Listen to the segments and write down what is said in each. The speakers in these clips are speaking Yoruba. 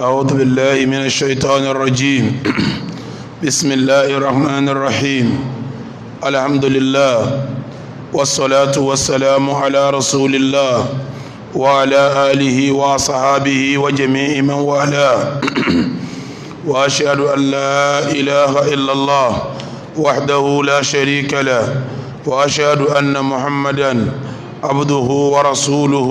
أعوذ بالله من الشيطان الرجيم بسم الله الرحمن الرحيم الحمد لله والصلاة والسلام على رسول الله وعلى آله وصحابه وجميع من والاه وأشهد أن لا إله إلا الله وحده لا شريك له وأشهد أن محمدا عبده ورسوله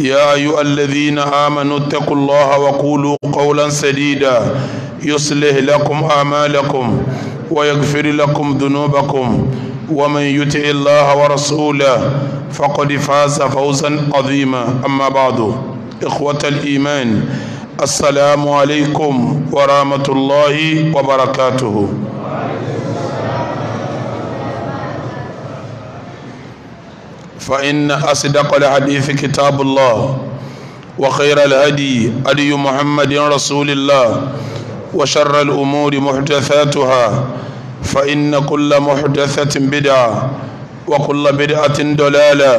يا أيها الذين آمنوا اتقوا الله وقولوا قولا سديدا يصلح لكم أعمالكم ويغفر لكم ذنوبكم ومن يطع الله ورسوله فقد فاز فوزا عظيما أما بعد إخوة الإيمان السلام عليكم ورحمة الله وبركاته فإن أصدق الحديث كتاب الله وخير الهدي هدي محمد رسول الله وشر الأمور محدثاتها فإن كل محدثة بدعة وكل بدعة دلالة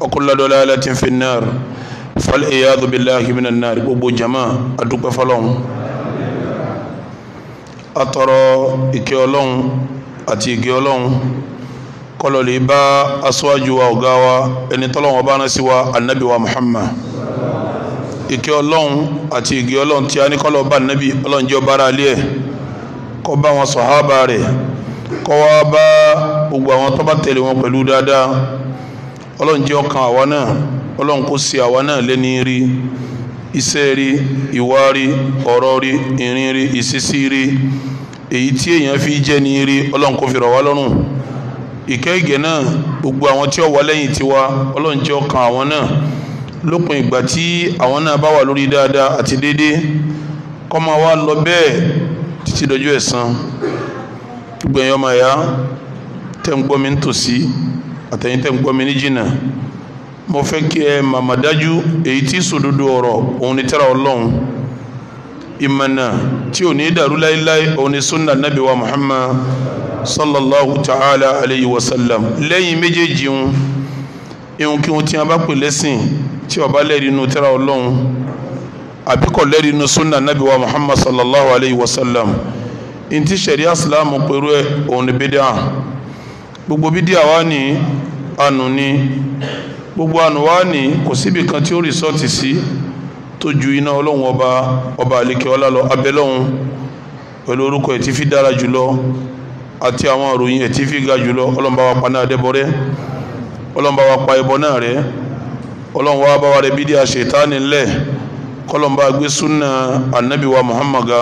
وكل دلالة في النار فالعياذ بالله من النار أبو جماعة أدوك فلون أترى إكيولون أتيكيولون kọlọlì bá aṣáájú wa ọ̀gá wa ẹni tọ́lọ́wọ́n bá rán sí wa anabi wa muhammad ìkẹ́ ọlọ́run Ati ìgì ọlọ́run tí a ní kọ́lọ́ bá anabi ọlọ́run jẹ́ ọba ara alẹ́ ẹ̀ kó bá wọn sàhábà rẹ̀ kó wá bá gbogbo àwọn tó bá tẹ̀lé wọn pẹ̀lú dáadáa ọlọ́run jẹ́ ọkàn àwa náà ọlọ́run kó ṣe àwa náà lẹ́ni rí iṣẹ́ èyí tí èèyàn fi jẹ́ ni rí rọ̀ wá lọ́rùn ìkẹ́ ìgẹ̀ náà gbogbo àwọn tí ó wà lẹ́yìn tiwa ọlọ́run jẹ́ ọkàn àwọn náà lópin ìgbà tí àwọn náà bá wà lórí dáadáa àti déédéé kọ́ máa wá lọ bẹ́ẹ̀ títí dọjọ́ ẹ̀san gbogbo ẹ̀yọ́ máa yá tẹ́ ń gbọ́ mi nítòsí àtẹ̀yìn tẹ́ ń mo fẹ́ kí ẹ màmá dájú èyí tí sòdodo ọ̀rọ̀ òun ni tẹ́ra ọlọ́run ìmọ̀nà tí ò ní dàrú láéláé òun ni sunna nabi wa Muhammad sallallahu ta'ala alayhi wa sallam lẹ́yìn méjèèjì ń ihun kí wọn tí wọn bá pè lẹ́sìn tí wọn bá lẹ́rìí inú tẹ́ra ọlọ́run àbí lẹ́rìí inú sunna nabi wa muhammad sallallahu alayhi wa sallam ntí sariya silamu pẹ̀lú ẹ̀ òun ni bídíà gbogbo bídíà wa ni ànú ni gbogbo ànú wa ni kò síbi kan tí ó rìsọ́ọ̀tì sí tó ju iná ọlọ́run ọba ọba àlekè ọlá lọ abẹ́lọ́run pẹ̀lú orúkọ ẹ̀ tí fi dára jùlọ àti àwọn òròyìn ètí fi ga jùlọ ọlọ́mbà wa paná adébọ̀rẹ́ ọlọ́mbà wa pa ẹbọ náà rẹ ọlọ́mbà wa bá wa rẹ bídí àṣetáni ńlẹ̀ kọlọ́mbà gbé súnà ànábì wa muhammaga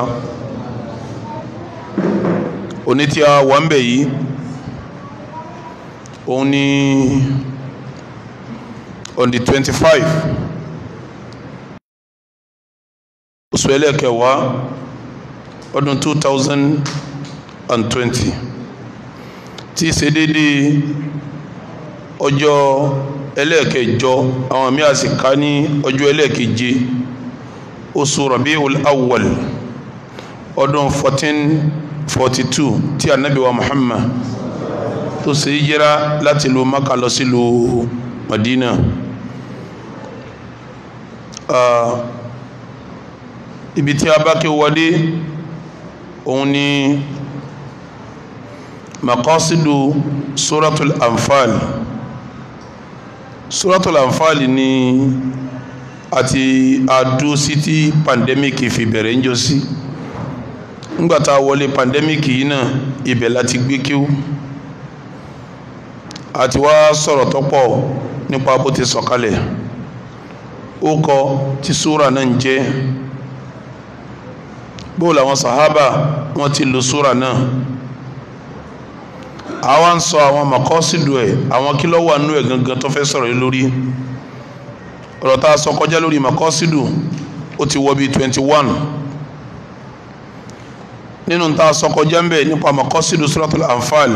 òní tí a wà ń bẹ̀ yìí òun ni on the twenty five oṣù ẹlẹ́kẹ̀wá ọdún two thousand and twenty tí í ṣe déédéé ọjọ́ ẹlẹ́ẹ̀kẹjọ àwọn míì àsìká ní ọjọ́ ẹlẹ́ẹ̀keje oṣù rabiul awwal ọdún fourteen tí anabi muhammad tó ṣe é yẹra láti lu maka lọ sí lu madina uh, ibi tí a bá kí wọlé òun ni makosidu suratul anfal suratul anfal ni àti adúsítí pandemic fi bẹ̀rẹ̀ ń jọsí ngbàtà wọlé pandemic yìí náà ibẹ̀ láti gbé kíw àti wá sọ̀rọ̀ tọ́pọ̀ nípa bó ti sọ̀kalẹ̀ ó kọ tí súra náà ń jẹ́ la làwọn sàhábà wọ́n ti lo súra náà àwa ń sọ àwọn mọ̀kọ́sídù ẹ̀ àwọn kí ló wà nú ẹ̀ gangan tó fẹ́ sọ̀rọ̀ yìí lórí ọ̀rọ̀ tá a sọ kọjá lórí mọ̀kọ́sídù ó ti wọ bíi twenty one nínú tá a sọ kọjá ń bẹ̀ nípa mọ̀kọ́sídù suratul anfal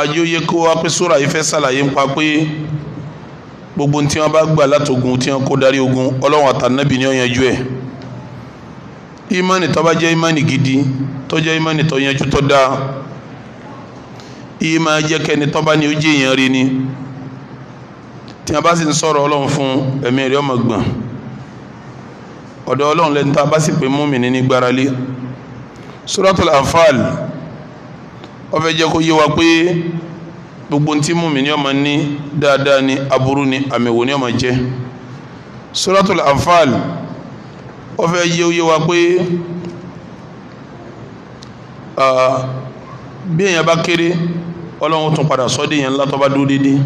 ajóye kó wá pé sóra yìí fẹ́ sàlàyé ń pa pé gbogbo tí wọn bá gbà látogun tí wọn kó darí ogun ọlọ́run àtànábì ni ó yanjú ẹ̀ ìmánì tó bá jẹ́ ìmánì gidi tó imani ìmánì tó yanjú tó dáa iye máa jẹ́ kẹ́ni tọ́ba ni ó jẹ́ èèyàn rí ni tí a bá sì ń sọ̀rọ̀ ọlọ́run fún ẹ̀mí rẹ̀ ọmọ gbọ̀n ọ̀dọ̀ ọlọ́run lẹ́ni tá a bá sì pé mùmínì ní gbáralé Suratul Anfal ó fẹ́ jẹ́ kó yé wa pé gbogbo tí mùmínì ọmọ ní dáadáa ni aburú ni àmìwò ni ọmọ jẹ́ Suratul Anfal ó fẹ́ yé yé wa pé bí èèyàn bá kéré ọlọ́run tún padà sọ́dé yẹn ńlá tó bá dúró déédéé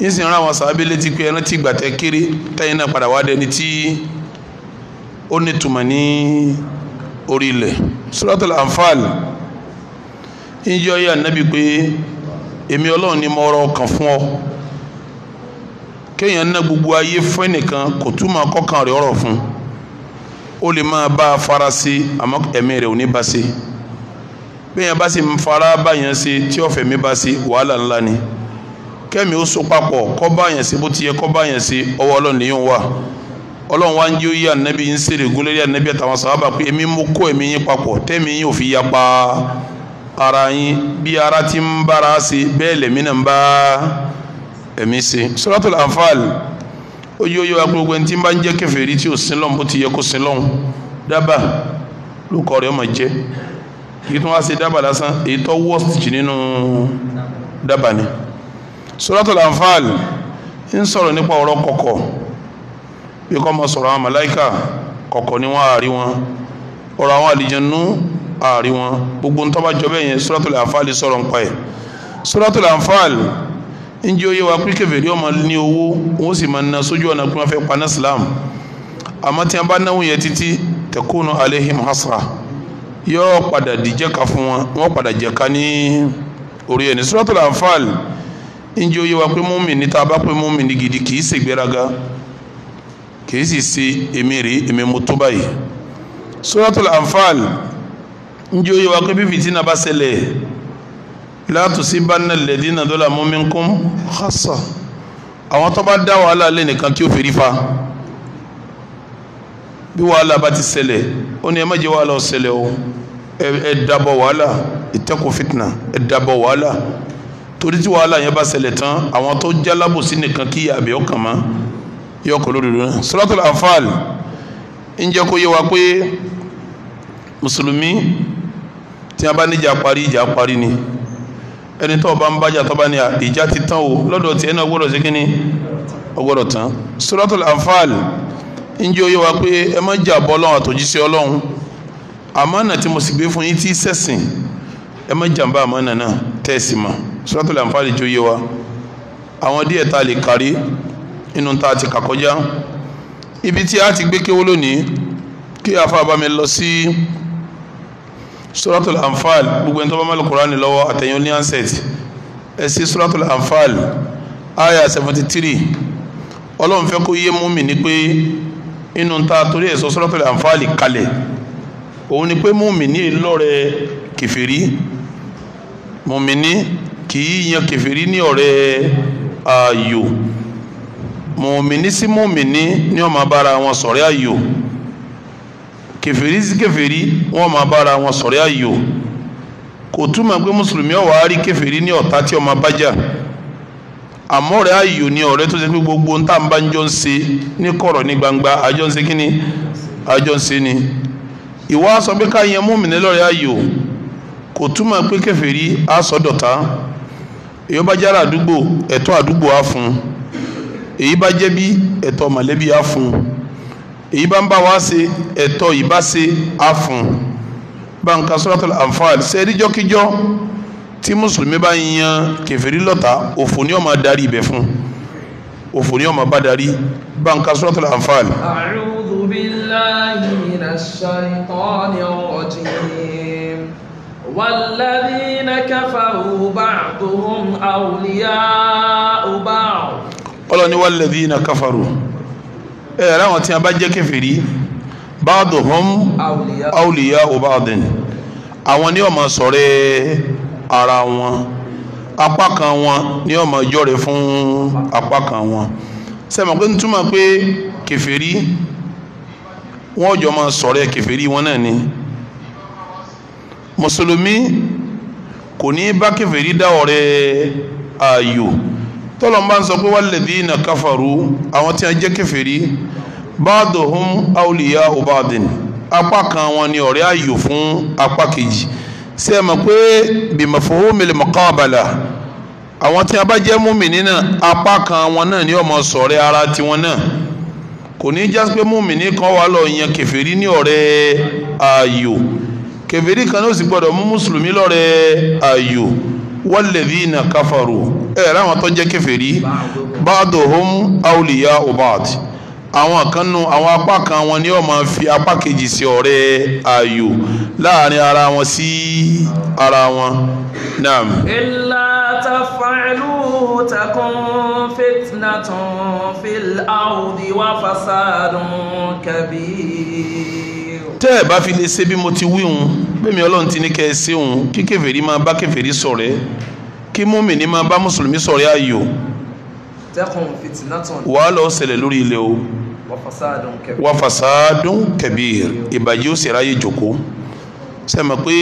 yín sì ń ra àwọn sàábé létí pé ẹran tí ìgbà tẹ kéré tẹ́yìn náà padà wá dẹni tí ó ní tùmọ̀ ní orí ilẹ̀ Suratul Anfal ń yọ ayé ànábì pé èmi ọlọ́run ni mo rọ ọkàn fún ọ kéèyàn ná gbogbo ayé fún ẹnìkan kò túmọ̀ kọ́kàn rẹ̀ ọ̀rọ̀ fún ó lè máa bá a fara sí àmọ́ ẹ̀mí rẹ̀ ò ní bá a sí bẹ́ẹ̀ bá sì ń fara báyẹn ṣe tí ọ̀fẹ́ mi bá ṣe wàhálà ńlá ni kẹ́mi ó so papọ̀ kọ́ báyẹn ṣe bó ti yẹ kọ́ báyẹn ṣe ọwọ́ ọlọ́run nìyẹn wà ọlọ́run wá ń jẹ́ oyè ànábì ń ṣèrè gúnlẹ́rì ànábì àtàwọn sábà pé èmi mú kó èmi yín papọ̀ tẹ́mi yín ò fi ya pa ara yín bí ara ti ń bára ṣe bẹ́ẹ̀ lẹ́mí náà ń bá ẹ̀mí ṣe Suratul Anfal ó yí ó gbogbo ẹni tí ń bá ń jẹ́ kèfèrí tí ò sin bó ti yẹ kó sin dábàá lóko rẹ̀ ọmọ jẹ́ kìí tún wá sí dábàá lásán èyí tó worst jù nínú dábàá ni Suratul Anfal ń sọ̀rọ̀ nípa ọ̀rọ̀ kọ̀kọ̀ bí kò mọ̀ sọ̀rọ̀ àwọn màláìkà kọ̀kọ̀ ni wọ́n àárí wọn ọ̀rọ̀ àwọn àlìjẹnú àárí wọn gbogbo ń tọ́ba jọ bẹ́ẹ̀ yẹn Suratul Anfal sọ̀rọ̀ nípa ẹ̀ Suratul Anfal ń jẹ́ oyé wa pé kèfèrí ọmọ ní owó wọ́n sì máa ná sójú ọ̀nà pé fẹ́ pa ní àmọ́ tí wọ́n bá náwó yẹn títí takunu alaihim hasra yóò padà dìjẹ́ ka fún wọn wọ́n padà jẹ́ ka ní orí ẹni Suratul Anfal njẹ́ oyé wa pé mùmínì níta bá pé mùmínì gidi kì í ṣe gbéraga kì í sì ṣe èmi rè èmi mo tó báyìí Suratul Anfal njẹ́ oyé wa pé bí fìtínà bá ṣẹlẹ̀ la tusibanna alladhina zalamu minkum khassa àwọn tó bá dá wàhálà lẹ́nìkan tí ó fèrè fa bí wàhálà bá ti ṣẹlẹ̀ ó ní ẹ má jẹ́ wàhálà ó ṣẹlẹ̀ o ẹ dábọ̀ wàhálà ìtẹ́kùn fitna ẹ dábọ̀ wàhálà torí tí wàhálà yẹn bá ṣẹlẹ̀ tán àwọn tó jálábò sí nìkan kí àbí ọkàn mọ́ yọ kọ́ lórí rẹ̀ Suratul Anfal ń jẹ́ kó yé wa pé mùsùlùmí tí a bá níjà parí ìjà parí ni ẹni tó bá ń bájà tó bá ní ìjà ti tán o lọ́dọ̀ tiẹ̀ náà gbọ́dọ̀ sí kínní ọgbọ́dọ̀ tán Suratul Anfal njẹ́ ó yẹ wa pé ẹ má jà bọ́ ọlọ́run àtòjíṣẹ́ ọlọ́run àmánà tí mo sì gbé fún yín tí sẹ́sìn ẹ má jàǹbá àmánà náà tẹ́ẹ̀sì mà Suratul Anfal jẹ́ ó yẹ wa àwọn díẹ̀ tá a lè kárí inú tá a ti kà kọjá ibi tí a ti gbé kéwó lónìí kí afa lọ sí Suratul Anfal gbogbo ẹni tó bá má lọ Kùránì lọ́wọ́ àtẹ̀yìn ní ansẹ̀t ẹ sí Suratul Anfal aya seventy three ọlọ́run fẹ́ kó yé mú mi ní pé inú ta torí ẹ̀sọ́ sọ́lọ́tọ̀lẹ̀ àǹfààlì kalẹ̀ òun ni pé mùmíní lọ́rẹ̀ kẹfìrí mùmíní kì í yan kẹfìrí ní ọ̀rẹ́ ayò mùmíní sí mùmíní ni wọ́n máa bára wọn ṣọ̀rẹ́ ayò kẹfìrí sí kẹfìrí wọ́n máa bára wọn ṣọ̀rẹ́ ayò kò túmọ̀ pé mùsùlùmí ó wá rí kẹfìrí ní ọ̀tá tí ó máa àmọ́ ọ̀rẹ́ ayò ni ọ̀rẹ́ tó ṣe pé gbogbo ń tà ń bá ń jọ ń ṣe ní kọ̀rọ̀ ní gbangba àjọ ń ṣe kí ni àjọ ń ṣe ni ìwọ á sọ pé ká yẹn múmìnir lọ́rẹ́ ayò kò túmọ̀ pé kèfèrí á sọ dọ̀tá èyí bá jára àdúgbò ẹ̀tọ́ àdúgbò á fún èyí bá jẹ́bí ẹ̀tọ́ mọ̀lẹ́bí á fún èyí bá ń bá wa ṣe ẹ̀tọ́ ìbáṣe á fún bá ń ka Suratul Anfal ṣe é tí mùsùlùmí bá yan kèfèrí lọ́ta òfò ni ó máa ibẹ̀ fún òfò ni ó bá darí báńkà suratul Anfal. A'udhu billahi minash shaytanir rajim. والذين كفروا بعضهم أولياء بعض ọlọ́ni walladhina kafaru ẹ ráwọn tí a bá jẹ́ kèfèrí ba'duhum awliya'u ba'din àwọn ni ó máa ṣọ̀rẹ́ ara wọn apá wọn ni ó máa jọ́re fún kan wọn sẹ́mi pé túmọ̀ pé kèfèrí wọn jọ máa sọ̀rọ̀ kèfèrí wọn náà ni mùsùlùmí kò ní bá kèfèrí dá ọ̀rẹ́ ayò tọ́lọ̀ bá ń sọ pé walladhina káfàrú àwọn tí kan wọn ni fún apá kejì ṣe é mọ̀ pé bima fuhumil muqabala àwọn tí a bá jẹ́ múmìnì náà apá kan wọn náà ni ọmọ sọ̀rẹ́ ara tiwọn náà kò ní já pé múmìnì kan wà lọ yan kẹfìrí ní ọ̀rẹ́ ààyò kẹfìrí kan ló sì gbọdọ̀ mú mùsùlùmí lọ́rẹ́ ààyò walladhina kafaru ẹ̀ láwọn tó jẹ́ kẹfìrí ba'duhum awliya'u ba'd àwọn kan nu àwọn apá kan wọn ni wọn máa fi apá kejì sí ọ̀rẹ́ ayò láàrin ara wọn sí ara wọn naam. illa taf'alu takun fitnatun fil Audi wa fasadun kabir. tẹ́ ẹ bá fi lè ṣe bí mo ti wí hun bẹ́ẹ̀mi ọlọ́run ti ní kẹ́ ẹ ṣe hun kí kèfèrí máa bá kèfèrí ṣọ̀rẹ́ kí mùmínì máa bá mùsùlùmí ṣọ̀rẹ́ ayò tẹ́kùn fìtínátùn. wàá lọ ṣẹlẹ̀ lórí ilẹ̀ o wà fasadun kabir ìbàjẹ́ ó sì ráyè jòkó sẹ́mi pé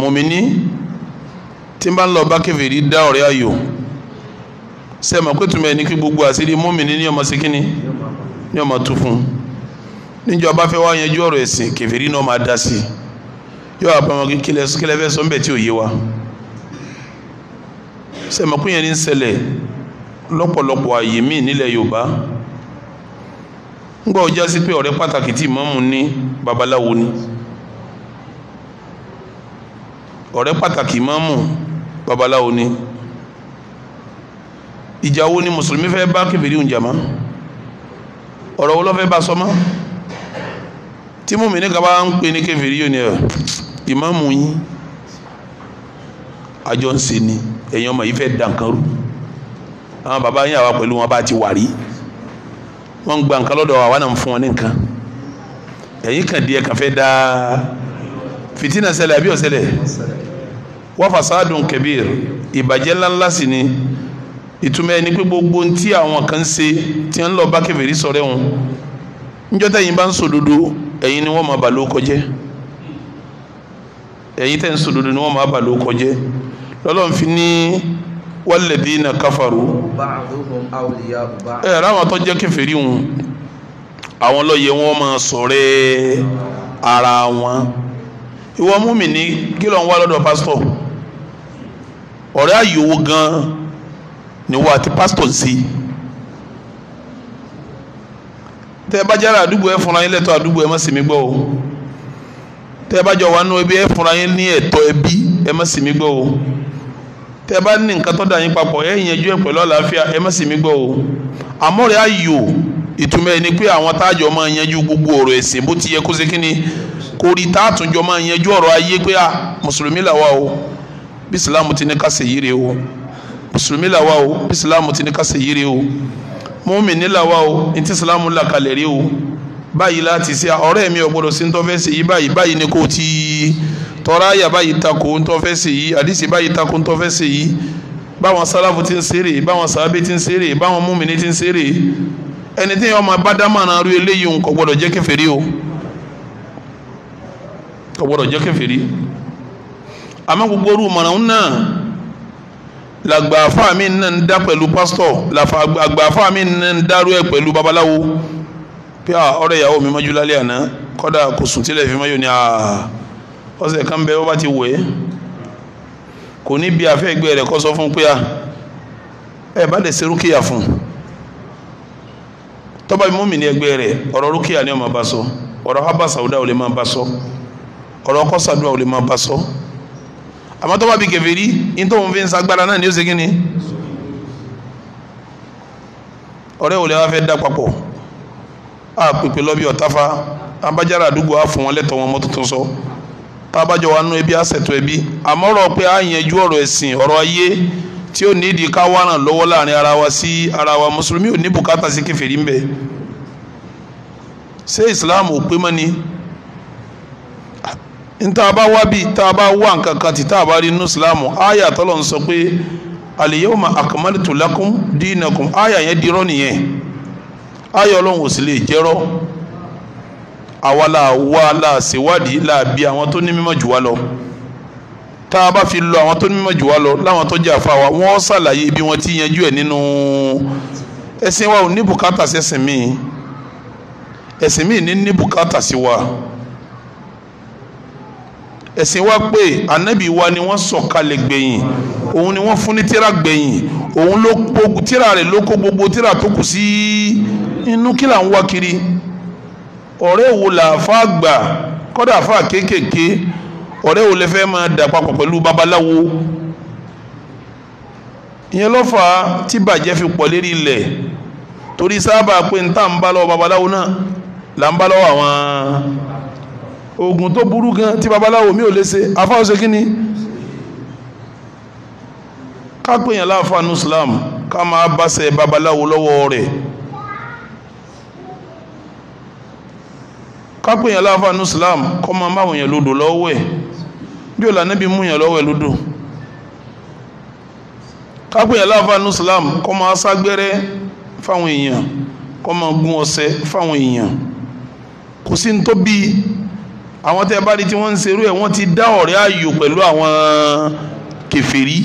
mọ̀mìnì tí n bá ń lọ bá kèfèrí dá ọ̀rẹ́ ayò sẹ́mi pé túmọ̀ ẹni kí gbogbo àṣírí mọ̀mìnì ní ọmọ sí kínní ní ọmọ tó fún níjọ bá fẹ́ wá yanjú ọ̀rọ̀ ẹ̀sìn kèfèrí náà máa dá sí yóò wá pẹ́ wọn kílẹ̀ fẹ́ sọ́ńbẹ̀ tí ò yé wa sẹ̀mọ̀kú yẹn ní ń ṣẹlẹ̀ lọ́pọ̀lọpọ̀ àyè míì nílẹ̀ Yorùbá ń gbọ́ ọjà sí pé ọ̀rẹ́ pàtàkì tí ìmọ̀mù ní babaláwo ni ọ̀rẹ́ pàtàkì ìmọ̀mù babaláwo ni ìjà wo ni mùsùlùmí fẹ́ bá kèfèrí ń jàmá ọ̀rọ̀ wo ló fẹ́ bá sọmọ́ tí mùmí ní kaba ń pè ní kèfèrí yóò ní ẹ̀ ìmọ̀mù yín àjọ ń ṣe ni. Kaba, ẹ̀yin ọmọ yìí fẹ́ da nǹkan rú àwọn bàbá yín àwa pẹ̀lú wọn bá ti wà rí wọ́n ń gba nǹkan lọ́dọ̀ àwa náà ń fún wọn ní nǹkan ẹ̀yin kàn di ẹ̀ kàn fẹ́ da fìtínà ṣẹlẹ̀ àbí ó ṣẹlẹ̀ wọ́n fasadun kẹbíir ìbàjẹ́ ńláńlá sì ni ìtumọ̀ ẹni pé gbogbo ohun tí àwọn kan ṣe tí ń lọ bá kèfèrí sọ̀rẹ́ wọn níjọ́ tẹ̀yin bá ń sòdodo ẹ̀yin ni wọ́n máa bà ló kọjẹ́ ẹ̀yin tẹ̀ ń sòdodo ni wọ́n máa bà ló kọjẹ́ lọ́lọ́run fi ní walladhina kafaru. ẹ ẹ ráwọn tó jẹ́ kèfèrí wọn àwọn lọ́yẹ wọn máa ṣọ̀rẹ́ ara wọn ìwọ mùmínì kí ló ń wá lọ́dọ̀ pásítọ̀ ọ̀rẹ́ àyòwò gan-an ni wọ́n àti pásítọ̀ sí tẹ́ ẹ bá jára àdúgbò ẹ fúnra yín lẹ́tọ̀ọ́ àdúgbò ẹ má sì mí gbọ́ o tẹ́ ẹ bá jọ wà nù ẹbí ẹ fúnra yín ní ẹ̀tọ́ ẹbí ẹ má sì mí gbọ́ o tẹ bá ní nǹkan tó dà yín papọ̀ ẹ yanjú ẹ pẹ̀lú àlàáfíà ẹ má sì mí gbọ́ o àmọ́rẹ́ ayò ìtumọ̀ ẹni pé àwọn táàjọ máa yanjú gbogbo ọ̀rọ̀ ẹ̀sìn bó ti yẹ kó ṣe kínni kò rí táàtúnjọ máa yanjú ọ̀rọ̀ ayé pé a ah, mùsùlùmí làwa o bí islam ti ní ká ṣe yíre o mùsùlùmí làwa o bí islam ti ní ká ṣe yíre o mùmínì làwa o ní ti islam là kalẹ̀ rí o báyìí láti ṣe ah, ọ̀rẹ́ mi ò sí ní tó fẹ́ ṣe yí báyìí báyìí ni kò tíì tọ́ra àyà báyìí takò ń tọ́ fẹ́ ṣe yìí ba báyìí takò ń tọ́ fẹ́ ṣe yìí báwọn sálàfù ti ń ṣeré báwọn sàábé ti ń ṣeré báwọn múmìnì ti ń ṣeré ẹni tí yẹn máa bá dámọ̀ràn arú eléyìí òun kò gbọ́dọ̀ jẹ́ kèfèrí o kò gbọ́dọ̀ jẹ́ kèfèrí àmọ́ gbogbo orú mọ̀ràn náà làgbà fáàmì náà ń dá pẹ̀lú pásítọ̀ làgbà fáàmì náà ń dárú ẹ̀ pẹ̀lú babaláwo pé ọ̀rẹ́ ìyàwó mi mọ́jú lálẹ́ àná kọ́dà kò sùn tílẹ̀ fi mọ́yò ní àá. ọ̀sẹ̀ kan bẹ ó bá ti wee. kò ní bí afẹ́ ẹgbẹ́ rẹ̀ fún pé ẹ bá lè ṣe rúkìá fún tọ́ba bí ní ẹgbẹ́ rẹ̀ ọ̀rọ̀ rúkìá ni ọ máa bá sọ ọ̀rọ̀ hábà ò lè máa sọ Ọrọ ọkọ̀ ò lè máa bá sọ bí fi ń sagbára náà ni ó ṣe wá dá a pèpè lọ́bí abájára àdúgbò á fún wọn wọn tuntun sọ. tábàjọ wa nínú ẹbí àṣẹ̀tọ̀ ẹbí àmọ́ ọ̀rọ̀ pé a yanjú ọ̀rọ̀ ẹ̀sìn ọ̀rọ̀ ayé tí ó nídìí ká wà ràn lọ́wọ́ láàrin ara wa sí ara wa mùsùlùmí ò ní bùkátà sí kèfèrí ńbẹ ṣé Islam ò pé mọ́ ni nta bá wá bí tá a bá wá nǹkan kan tí tá a bá rí nínú Islam àyà tọ́lọ̀ ń sọ pé al-yawma akmaltu lakum dinakum àyà yẹn dirọ́ nìyẹn àyà ọlọ́run ò sì lè jẹ́rọ́ Awala, wala, wá la ṣèwádìí la bí àwọn tó ní mímọ̀ jù wá lọ tá a bá fi lọ àwọn tó ní mímọ̀ jù wá lọ láwọn tó jẹ́ àfa wa wọ́n ṣàlàyé bí wọ́n ti yanjú ẹ̀ nínú ẹ̀sìn wa ò ní bùkátà sí ẹ̀sìn míì ẹ̀sìn míì ní ní bùkátà sí wa ẹ̀sìn wa pé ànábì wa ni wọ́n sọ̀kalẹ̀ gbẹ̀yìn òun ni wọ́n fún ní tíra gbẹ̀yìn òun ló kó tíra rẹ̀ ló kó gbogbo tíra tó kù sí inú kí là ń wá kiri ọ̀rẹ́ wo là fà gbà kọ́dà fà kéékèèké ọ̀rẹ́ wo lè fẹ́ máa dà papọ̀ pẹ̀lú babaláwo ìyẹn ló fà á tí bàjẹ́ fi pọ̀ lérí ilẹ̀ torí sábà pé ń tà ń bá lọ́wọ́ babaláwo náà là ń bá lọ́wọ́ àwọn oògùn tó burú gan tí babaláwo mi ò lè ṣe afáwọn ṣe kí ni ká pè yàn láàfáà nù Islam ká máa bá ṣe babaláwo lọ́wọ́ rẹ̀. kápẹ́ yẹn láàfà ní Islam kọ́ máa bá àwọn yẹn lódò lọ́wọ́ ẹ̀ bí òlà níbi mú yẹn lọ́wọ́ ẹ̀ lódò kápẹ́ yẹn láàfà ní Islam kọ́ máa ságbẹ́rẹ́ fáwọn èèyàn kọ́ máa gún ọ̀sẹ̀ fáwọn èèyàn kò sí ní tó bí àwọn tẹ́ ẹ bá di tí wọ́n ń serú ẹ̀ wọ́n ti dá ọ̀rẹ́ ayò pẹ̀lú àwọn kèfèrí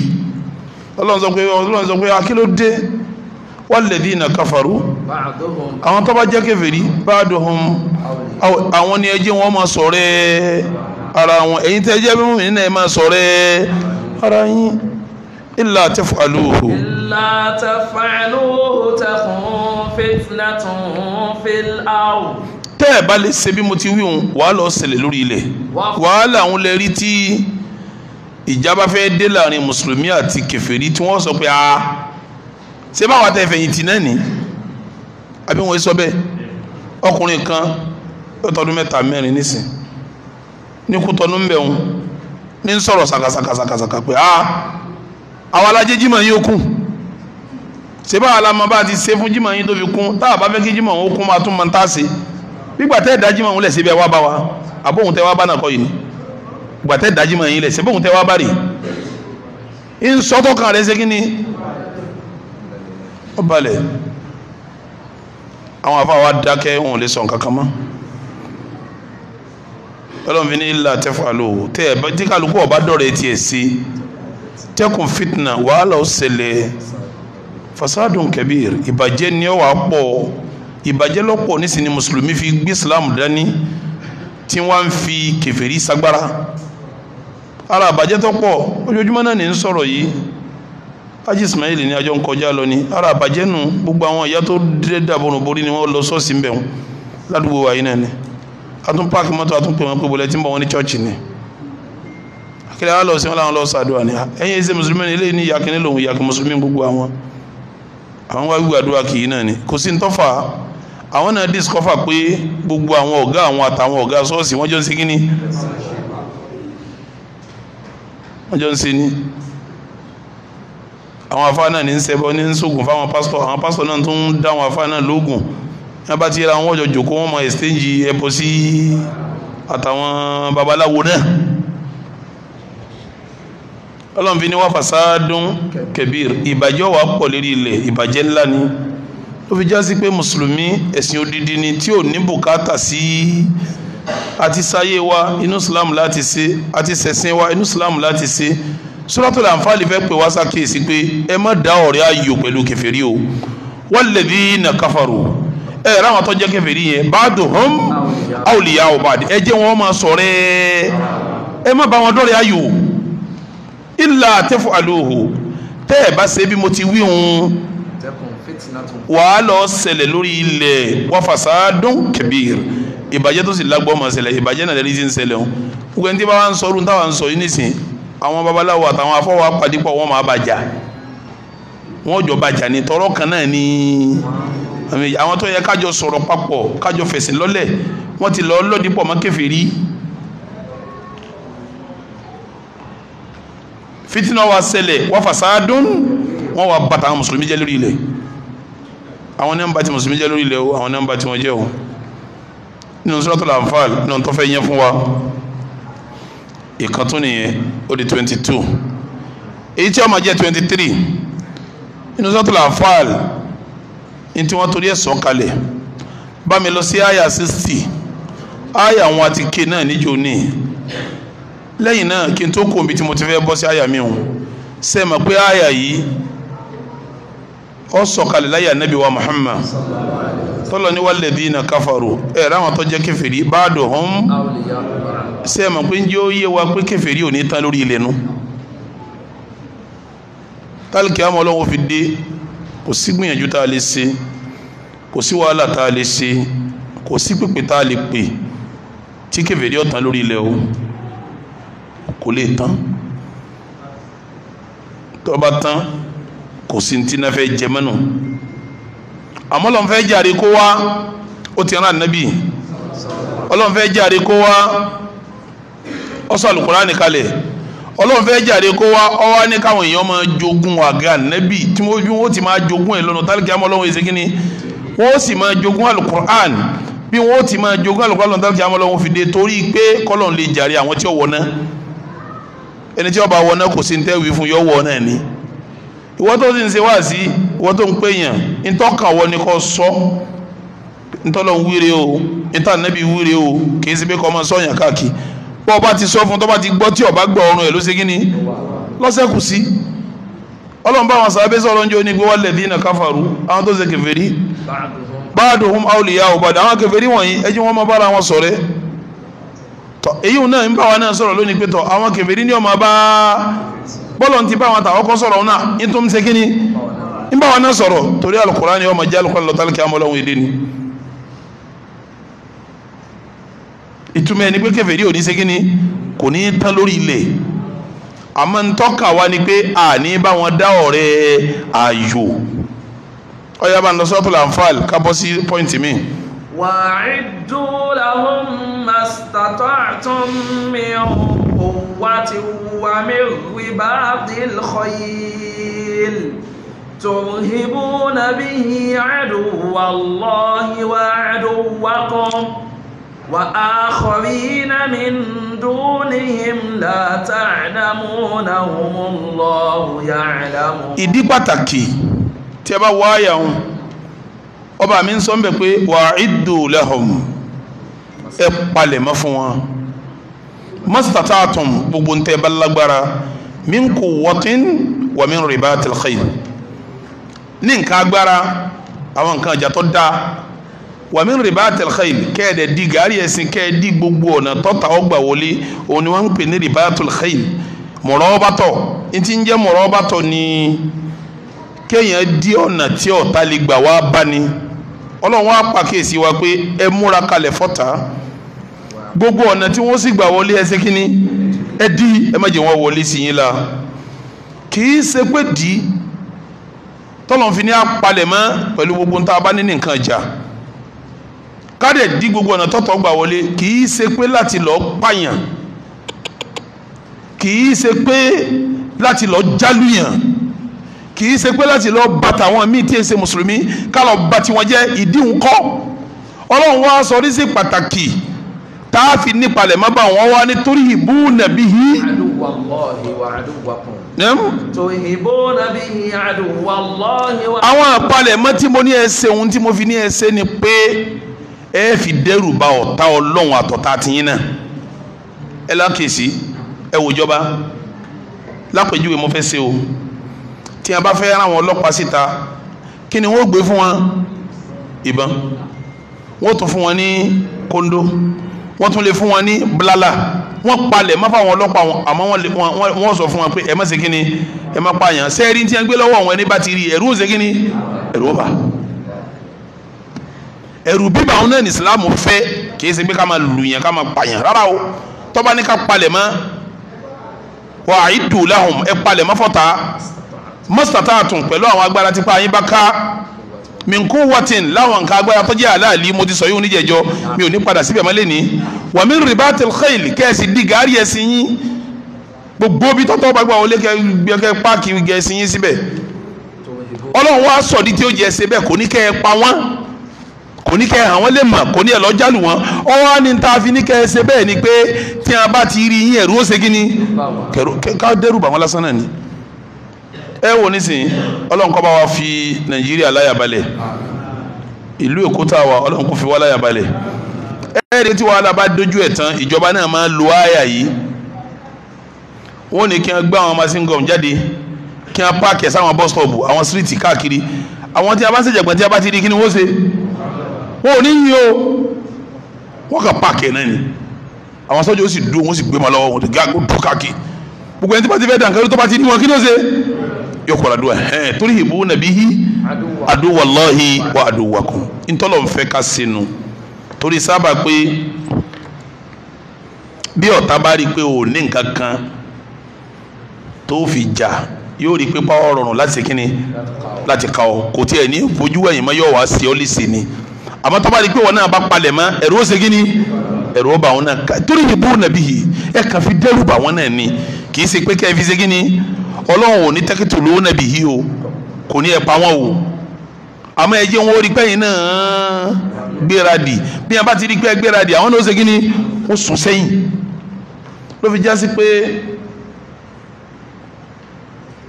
ọlọ́run sọ pé ọlọ́run sọ pé akílódé walladhina kafaru àwọn tó bá jẹ́ kèfèrí ba'duhum àwọn ni ẹjẹ́ wọn máa ṣọ̀rẹ́ ara wọn ẹ̀yin tẹ́ jẹ́ mímú nínú ẹ̀ máa ṣọ̀rẹ́ ara yín illa taf'aluhu. illa taf'aluhu takun fitnatun fil ard tẹ́ ẹ̀ bá lè ṣe bí mo ti wí òun wàhálà ọ̀sẹ̀lẹ̀ lórí ilẹ̀ wàhálà òun lè rí tí ìjábá dé láàrin mùsùlùmí àti kèfèrí tí wọ́n sọ pé a. Ah, ṣé báwa tẹ fẹ̀yìntì náà ni àbí wọn sọ bẹ́ẹ̀ ọkùnrin kan lọ́tọ́dún mẹ́ta mẹ́rin nísìn ní kútọ́nù ń bẹ̀ wọn ní sọ̀rọ̀ sàkàsàkàsàkà pé a àwọn alájẹ́ jimá yín ó kún ṣé báwa la máa bá ti ṣe fún jimá yín tó fi kún táwa bá fẹ́ kí jimá wọn ó kún máa tún máa ń tà sí gbígbà tẹ́ ẹ̀dá jimá wọn lẹ̀ síbi ẹ̀ wá bá wa àbóhùn tẹ́ wá bá nàkọ́ yìí gbàtẹ́ ìdájí mọ̀ yín lẹ̀ síbóhùn wá bá rí i ń kan rẹ̀ ṣe ni ó balẹ̀ àwọn afa wa dákẹ́ wọn ò lè sọ nǹkan kan mọ́ ọlọ́run fi ní ilà tẹ́fàlù tẹ́ ẹ̀ tí kálukú ọba dọ̀rẹ́ tiẹ̀ sí tẹ́kùn fitna wàhálà ó ṣẹlẹ̀ fasadun kabir ìbàjẹ́ ni ó wà pọ̀ ìbàjẹ́ lọ́pọ̀ nísìnyí mùsùlùmí fi gbé islam dání tí wọ́n fi kèfèrí sagbára ara àbàjẹ́ tó ojoojúmọ́ náà ní sọ̀rọ̀ yìí Haji Ismail ní ajọ́ ń kọjá ni ara àbàjẹ́ nù gbogbo àwọn ìyá tó dé dàbọ̀rùn borí ni wọ́n lọ sọ́ọ̀sì ń wọn ládùúgbò wa yìí náà ni atún páàkì mọ́tò atún pè wọ́n pé bọ̀lẹ́ tí ń bọ̀ wọ́n ní chọ́ọ̀chì ni akílẹ̀ wa lọ sí wọn làwọn lọ sàdúrà ni ẹ̀yin ẹ̀sẹ̀ mùsùlùmí ni eléyìí ní ìyá lòun ìyá mùsùlùmí gbogbo àwọn àwọn wá gbígbà àdúrà kì í náà ni kò sí ní tọ́fà àwọn náà discover pé gbogbo àwọn ọ̀gá àwọn àtàwọn ọ̀gá ṣọ́ọ̀ṣì wọ́n jọ ń ṣe kíní wọ́n jọ ń ṣe ní àwọn afá náà ní ń ṣẹbọ ní ń sógun fáwọn pásítọ̀ àwọn pásítọ̀ náà tún ń dá àwọn afá náà lóògùn wọn bá ti yẹra wọn jọ jòkó wọn mọ ẹsẹǹjì ẹbọ sí àtàwọn babaláwo náà ọlọ́run fi ní wá fasadun kẹbíir ìbàjẹ́ wà pọ̀ lérí ilẹ̀ ìbàjẹ́ ńlá ni ó fi já pé mùsùlùmí ẹ̀sìn odidi ni tí ò ní bùkátà sí àti sáyé wa inú islam láti ṣe àti ṣẹ̀sìn wa inú islam láti ṣe. Suratul Anfal fẹ́ pè wá ṣàkíyèsí pé ẹ má dá ọ̀rẹ́ ayò pẹ̀lú kèfèrí o walladhina kafaru ẹ ẹ ráwọn tó jẹ́ kèfèrí yẹn ba'duhum awliya'u ba'd ẹ jẹ́ wọn máa ṣọ̀rẹ́ ẹ má bá wọn dọ́rẹ́ ayò illa taf'aluhu tẹ́ ẹ bá ṣe bí mo ti wí hun wàá lọ ṣẹlẹ̀ lórí ilẹ̀ wa fasadun kabir ìbàjẹ́ tó sì lágbọ́ máa ṣẹlẹ̀ ìbàjẹ́ náà lẹ́rìí ti ń ṣẹlẹ̀ o gbẹ̀ntì bá wa ń sọ ọdún táwa ń sọ yìí nísìnyí àwọn babaláwo àtàwọn afọwọ́ apàdípọ̀ wọ́n máa bàjá wọ́n jọ bàjá ní tọrọ kan náà ní àwọn tó yẹ kájọ sọ̀rọ̀ papọ̀ kájọ fẹ̀sìn lọ́lẹ̀ wọ́n ti lọ lọ́dípọ̀ mọ́ kèfèrí fitina wa ṣẹlẹ̀ wa fasadun wọ́n wà bàtà àwọn mùsùlùmí jẹ́ lórí ilẹ̀ àwọn ní ń bá ti mùsùlùmí jẹ́ lórí ilẹ̀ o àwọn ní ń bá ti wọn jẹ́ o nínú Suratul Anfal nínú tó fẹ́ yẹn fún wa ìkan tún nìyẹn ó di twenty two èyí tí ó máa twenty three inú sọ́tò làfàl ní tí wọ́n torí ẹ̀ sọ kalẹ̀ bá mi lọ sí àyà sixty àyà wọn àti ké náà níjó ní lẹ́yìn náà kí n tó kó omi tí mo ti fẹ́ bọ́ sí àyà mi hùn ṣe mọ̀ pé àyà yìí ó sọ̀kalẹ̀ láyà nabi wa Muhammad tọ́lọ́ ní walladhina kafaru ẹ̀ ráwọn tó jẹ́ kèfèrí ba'duhum ṣe mọ̀ pé njẹ́ ó yé wa pé kèfèrí ò ní tán lórí ilẹ̀ nu tálíkì àmọ́ ọlọ́wọ́ fi dé kò sí gbìyànjú tá a lè ṣe kò sí wàhálà tá a lè ṣe kò sí pèpè tá a lè pè tí kèfèrí ò lórí ilẹ̀ o kò lè tán tó tán kò sí ní tí fẹ́ jẹ mẹ́nu àmọ́ lọ́n fẹ́ jàre kó wá ó ti rán ànábì ọlọ́n fẹ́ jàre kó wá ọsọ alukura nìkalẹ̀ ọlọ́run fẹ́ jáde kó wá ọwá ní káwọn èèyàn máa jogún àga nẹ́bì tí wọ́n ti máa jogún ẹ̀ lọ́nà tálíkì àmọ́ ọlọ́run èsì kínní wọ́n sì máa jogún alukur'an bí wọ́n ti máa jogún alukur'an lọ́nà tálíkì àmọ́ ọlọ́run torí pé kọ́lọ́n lè jàre àwọn tí ó wọ̀ náà ẹni tí ó bá wọ̀ náà kò sí ní tẹ́wìí fún yọ̀ náà ni ìwọ́n tó ti ń ṣe wáàsí ìwọ́n tó ń pèèyàn ntọ́ka wọ ni kò sọ ntọ́lọ́ wíire o ntànẹ́bí wíire o kì í bọ́ ọba ti sọ fún tọ́ba ti gbọ́ tí ọba gbọ́ ọrùn ẹ̀ ló ṣe kí ni lọ́sẹ̀kù sí ọlọ́run bá wọn sábẹ́ sọ̀rọ̀ ní onígbé wọ́n lẹ̀ dínà káfàrú àwọn tó ṣe kèfèrí ba'duhum awliya'u ba'd àwọn kèfèrí wọ̀nyí ẹjú wọn máa bára wọn ṣọ̀rẹ́ tọ èyí náà ń bá wa náà sọ̀rọ̀ lónìí pé tọ àwọn kèfèrí ní ọmọ bá bọ́lọ̀ ti bá wọn tàwọn kọ́ sọ̀rọ̀ náà ní tó ń ṣe kí ni ń bá wa náà sọ̀rọ̀ torí Al-Qur'ani ọmọ jẹ́ Al-Qur'ani lọ́tàlẹ́kẹ́ ìdí ni. ìtumọ̀ ẹni pé kèfèrí ò ní ṣe kíni kò ní tán lórí ilẹ̀ àmọ́ ntọ́ka wa ni pé àní bá wọn dá ọ̀rẹ́ ayò ọ̀yà bá ń lọ sọ́pọ̀ lànfàl ká bọ́ sí pọ́ìntì mi. wa'iddu lahum mastata'tum min quwwatin wa min ribadil khayl turhibuna bihi aduwwallahi wa aduwwakum. وآخرين من دونهم لا تعلمونهم الله يعلم ìdí pàtàkì tí ẹ bá wá àyà wọn ọba mi ń sọ ń bẹ pé wa'iddu lahum ẹ palẹ̀mọ́ fún wọn mastata'tum gbogbo ń tẹ́ bá lágbára min quwwatin wa min ribatil khayr ní nǹkan agbára àwọn nǹkan ìjà tó dáa wàmí rìbá tẹlxayil kẹ́ẹ̀dẹ̀ di gàárì ẹ̀sìn kẹ́ẹ̀ di gbogbo ọ̀nà tọ́ta ọgbà wọlé òun ni wọ́n ń pè ní rìbá tẹlxayil mọ̀rọ́bátọ̀ ntí ń jẹ́ mọ̀rọ́bátọ̀ ni kéèyàn di ọ̀nà tí ọ̀tá lè gbà wá bani ọlọ́run wá pàkíyèsí wa pé ẹ múra kalẹ̀ fọ́ta gbogbo ọ̀nà tí wọ́n sì gbà wọlé ẹsẹ̀ kínní ẹ di ẹ má jẹ́ wọ́n wọlé sí yín la kì í ṣe pé di tọ́lọ́n fi ní apalẹ̀ mọ́ pẹ̀lú gbogbo ntá a bá ní nìkan jà. Ja kádẹ̀ dí gbogbo ọ̀nà tọ́tọ̀ gbà wọlé kì í ṣe pé láti lọ pààyàn kì í ṣe pé láti lọ jálùyàn kì í ṣe pé láti lọ bàtà àwọn míì tí ì ṣe mùsùlùmí ká lọ bà tiwọn jẹ́ ìdíhùn kọ́ ọlọ́run wá sọ orí sí pàtàkì tá a fi nípalẹ̀ má bá wọn wá nítorí ìbú nàbí yìí. àwọn àpalẹ̀ mọ́ tí mo ní ẹ ṣe ohun tí mo fi ní ẹ ṣe ni pé ẹ fi dẹ́rù ba ọ̀tá ọlọ́run àtọ̀tá tiyín náà ẹ lákèsí ẹ wòjọba lápèjúwe mo fẹ́ ṣe o tí a bá fẹ́ rán àwọn ọlọ́pàá síta kí ni wọ́n gbé fún wọn ìbọn wọ́n tún fún wọn ní kóńdó wọ́n tún lè fún wọn ní bùlálà wọ́n palẹ̀ má fáwọn ọlọ́pàá wọn àmọ́ wọ́n sọ fún wọn pé ẹ má ṣe kí ni ẹ má pààyàn sẹ́ẹ̀rí tí wọ́n gbé lọ́wọ́ wọn ẹni bá ti rí ẹ̀rú ṣe kí ni ẹ̀rú ó ẹ̀rù bíbà àwọn náà ní Islam fẹ́ kìí ṣe pé ká máa lù yẹn ká máa pààyàn rárá o tọ́ba ní ká palẹ̀ mọ́ wà á ìdù láhùn ẹ palẹ̀ mọ́ fọ́ta mọ́sítàtà àtùn pẹ̀lú àwọn agbára tipa yín bá ká minkun watin láwọn nǹkan agbára tó jẹ́ aláàlí mo ti sọ yìí oníjẹ̀jọ mi ò ní padà síbẹ̀ mọ́ lẹ́ni wàmí ribatil khayl kẹ́ẹ̀sì di gàárì ẹ̀sìn yín gbogbo bí tọ́tọ́ bá gbà wọlé kẹ́ẹ́ páàkì gẹ̀ẹ́sìn yín síbẹ̀ ọlọ́run wá sọ̀dí tí ó jẹ́ ẹsẹ̀ bẹ́ẹ̀ kò ní kẹ́ pa wọ́n kò ní kẹ́ àwọn lè mọ̀ kò ní ẹ̀ lọ́jàlù wọn ọwọ́ ni ta fi ní kẹ́ bẹ́ẹ̀ ni pé tí a bá ti rí yín ẹ̀rú ó ṣe ni ká dẹ́rù bà wọ́n lásán náà ni. ẹ wò nísìnyí ọlọ́run kó bá wa fi nàìjíríà láyàbalẹ̀ ìlú èkó tá a wà ọlọ́run kó fi wá láyàbalẹ̀ ẹ̀ẹ́dẹ̀ tí wàhálà bá dojú ẹ̀ tán ìjọba náà máa lo àyà yìí wọ́n ní kí wọ́n gbé àwọn masingom jáde kí wọ́n páàkì ẹ̀ sáwọn bọ́sítọ̀ọ̀bù àwọn síríìtì káàkiri àwọn tí a bá ń ṣèjàgbọ́n tí a bá ti rí kí ni wọ́n ṣe wọn ò ní yí o wọ́n kà páàkì ẹ̀ náà ni àwọn sọ́jà ó sì dúró wọ́n sì gbé ma lọ́wọ́ wọn gá kó dúró káàkiri gbogbo ẹni tó bá ti fẹ́ dàn kẹ́rù tó bá ti ní wọn kí ló ṣe yóò kọ́ àdúrà ẹ̀ torí ìbú nàbí hí àdúwà lọ́hì wà àdúwà kù ntọ́lọ̀ ń fẹ́ ká sínú torí sábà pé bí ọ̀tá bá rí i pé ò ní nǹkan kan tó fi jà yóò rí i pé pàwọ́ rọrùn láti kíni láti ka ọ kò tiẹ̀ ní fojú ẹ̀yìn mọ́ yóò wá sí ọ́ lè sè ni àmọ́ tó bá di pé wọn náà bá palẹ̀ mọ́ ẹ̀rù ó segin ni ẹ̀rù ó bá wọn náà torí ìbú nàbí yìí ẹ̀ kàn fi dẹ́rù bá wọn náà ni kì í ṣe pé kẹ́ẹ̀ fi segin ni ọlọ́run ò ní tẹ́kítù lówó nàbí yìí o kò ní ẹ̀ pa wọn o àmọ́ ẹ jẹ́ wọn ó rí pẹ́yìn náà gbéradì bí wọn bá ti rí pẹ́ gbéradì àwọn náà ó segin ni ó sùn sẹ́yìn ló fi já sí pé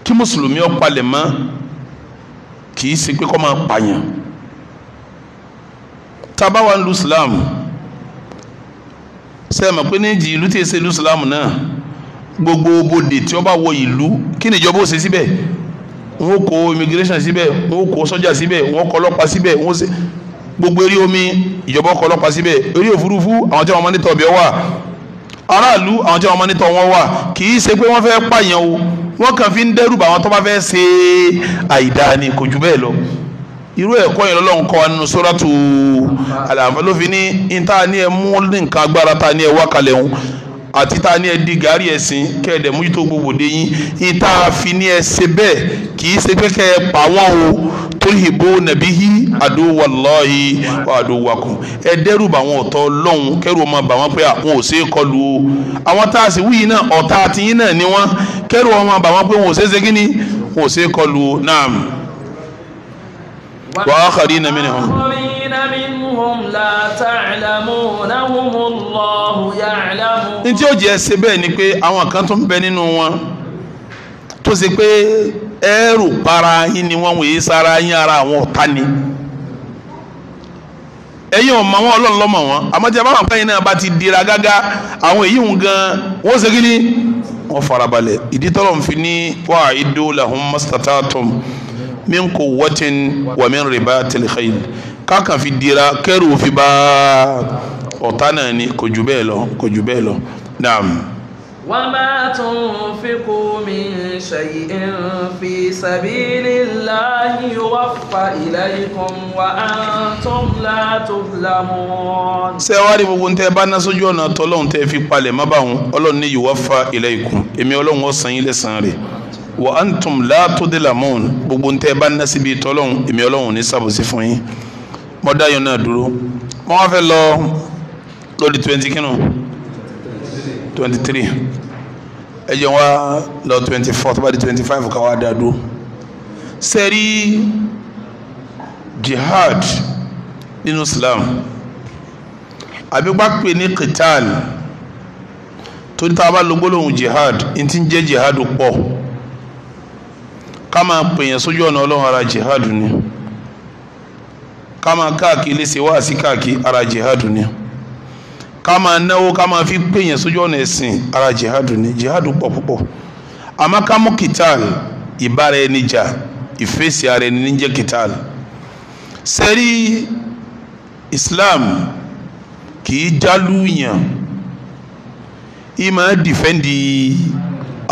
kí mùsùlùmí ó palẹ̀ mọ́ kì í ṣe pé kó máa pààyàn tabawa ń lu islam sẹ́ẹ̀mọ̀ pé níjì ìlú tí èsè lu islam náà gbogbo bodè tí wọ́n bá wọ ìlú kí ni ìjọba ó ṣe síbẹ̀ wọ́n kó immigration síbẹ̀ wọ́n kó sọ́jà síbẹ̀ wọ́n kó ọlọ́pàá síbẹ̀ wọ́n ṣe gbogbo eré omi ìjọba ọkọ̀ ọlọ́pàá síbẹ̀ eré òfurufú àwọn tí wọ́n máa ń tọ̀ ọ̀bẹ wà aráàlú àwọn tí wọ́n máa ń tọ̀ wọ́n wà kì í ṣe pé wọ́n fẹ́ pààyàn o wọ́n kàn fi ń dẹ́rù bà àwọn tó bá fẹ́ ṣe àìdáa ni kò jù bẹ́ẹ̀ lọ irú ẹ̀kọ́ yẹn lọ́lọ́run kọ́ wa nínú sóràtù àlàáfẹ́ ló fi ní níta ni ẹ mú nǹkan agbára ta ni ẹ wá kalẹ̀ ń àti ta ni ẹ di gàárì ẹ̀sìn kẹ́ ẹ dẹ̀ gbogbo dé yín níta fi ni ẹ ṣe bẹ́ẹ̀ kì í ṣe pé pa wọ́n o tolhibo nabihi aduwalahi wa aduwakum ẹ dẹ́rù bà wọn ọ̀tọ̀ lọ́hùn kẹ́rù ọmọ bà wọn pé àwọn ò ṣe é kọlù o àwọn tá a sì wúyìn náà ọ̀tá àtìyín náà ni wọ́n kẹ́rù ọmọ bà wọn pé wọn ò ṣe é ṣe kí ni wọn ò ṣe é kọlù o naam. وآخرين منهم منهم لا تعلمونهم الله يعلم ní tí ó jẹ́ ṣe wọn tó ṣe pé ẹrù para yín wọn wòye sára yín ara àwọn ọ̀tá ni wọn ọlọ́run wọn tí a bá wà fẹ́yìn náà bá ti dira gágá àwọn èyí ń gan wọ́n min quwwatin wa min ribatil khayl kákan fi dira kẹ́rù fi bá ọ̀tá náà ni kò jù bẹ́ẹ̀ lọ kò jù bẹ́ẹ̀ lọ naam. وما تنفقوا من شيء في سبيل الله يوفى إليكم وأنتم لا تظلمون ṣé wàá rí gbogbo ntẹ bá ná ọ̀nà tọ́lọ́hún tẹ́ fi palẹ̀ má ọlọ́run ní yuwaffa ilaykum èmi ọlọ́run ó san yín lẹ́san rẹ̀ wa antum la tudlamun gbogbo ntẹ bá ná síbi tọ́lọ́hún èmi ọlọ́hún ní sàbòsí fún yín mo dá yẹn dúró mo wá fẹ́ lọ lórí twenty kínú twenty three ẹ jẹ́ wá lọ twenty four tó bá di twenty five ká wá dá dúró sẹ́rí jihad nínú Islam àbíkpá pè ní qital torí tá a bá lo gbólóhùn jihad ntí ń jẹ́ jihad pọ̀. Kama máa pèèyàn sójú ọ̀nà ọlọ́run ara jihad ni ká máa káàkiri lè ṣe wáàsí káàkiri ara jihad ni ká máa náwó ká máa fi pèèyàn sójú ọ̀nà ẹ̀sìn ara jihad ni jihad pọ̀ púpọ̀ àmọ́ ká kìtàl ìbára ẹni jà ìfèsì ara ẹni níjẹ́ kìtàl sẹ́rí Islam kì í jálùyàn ìmọ̀ dìfẹ́ǹdì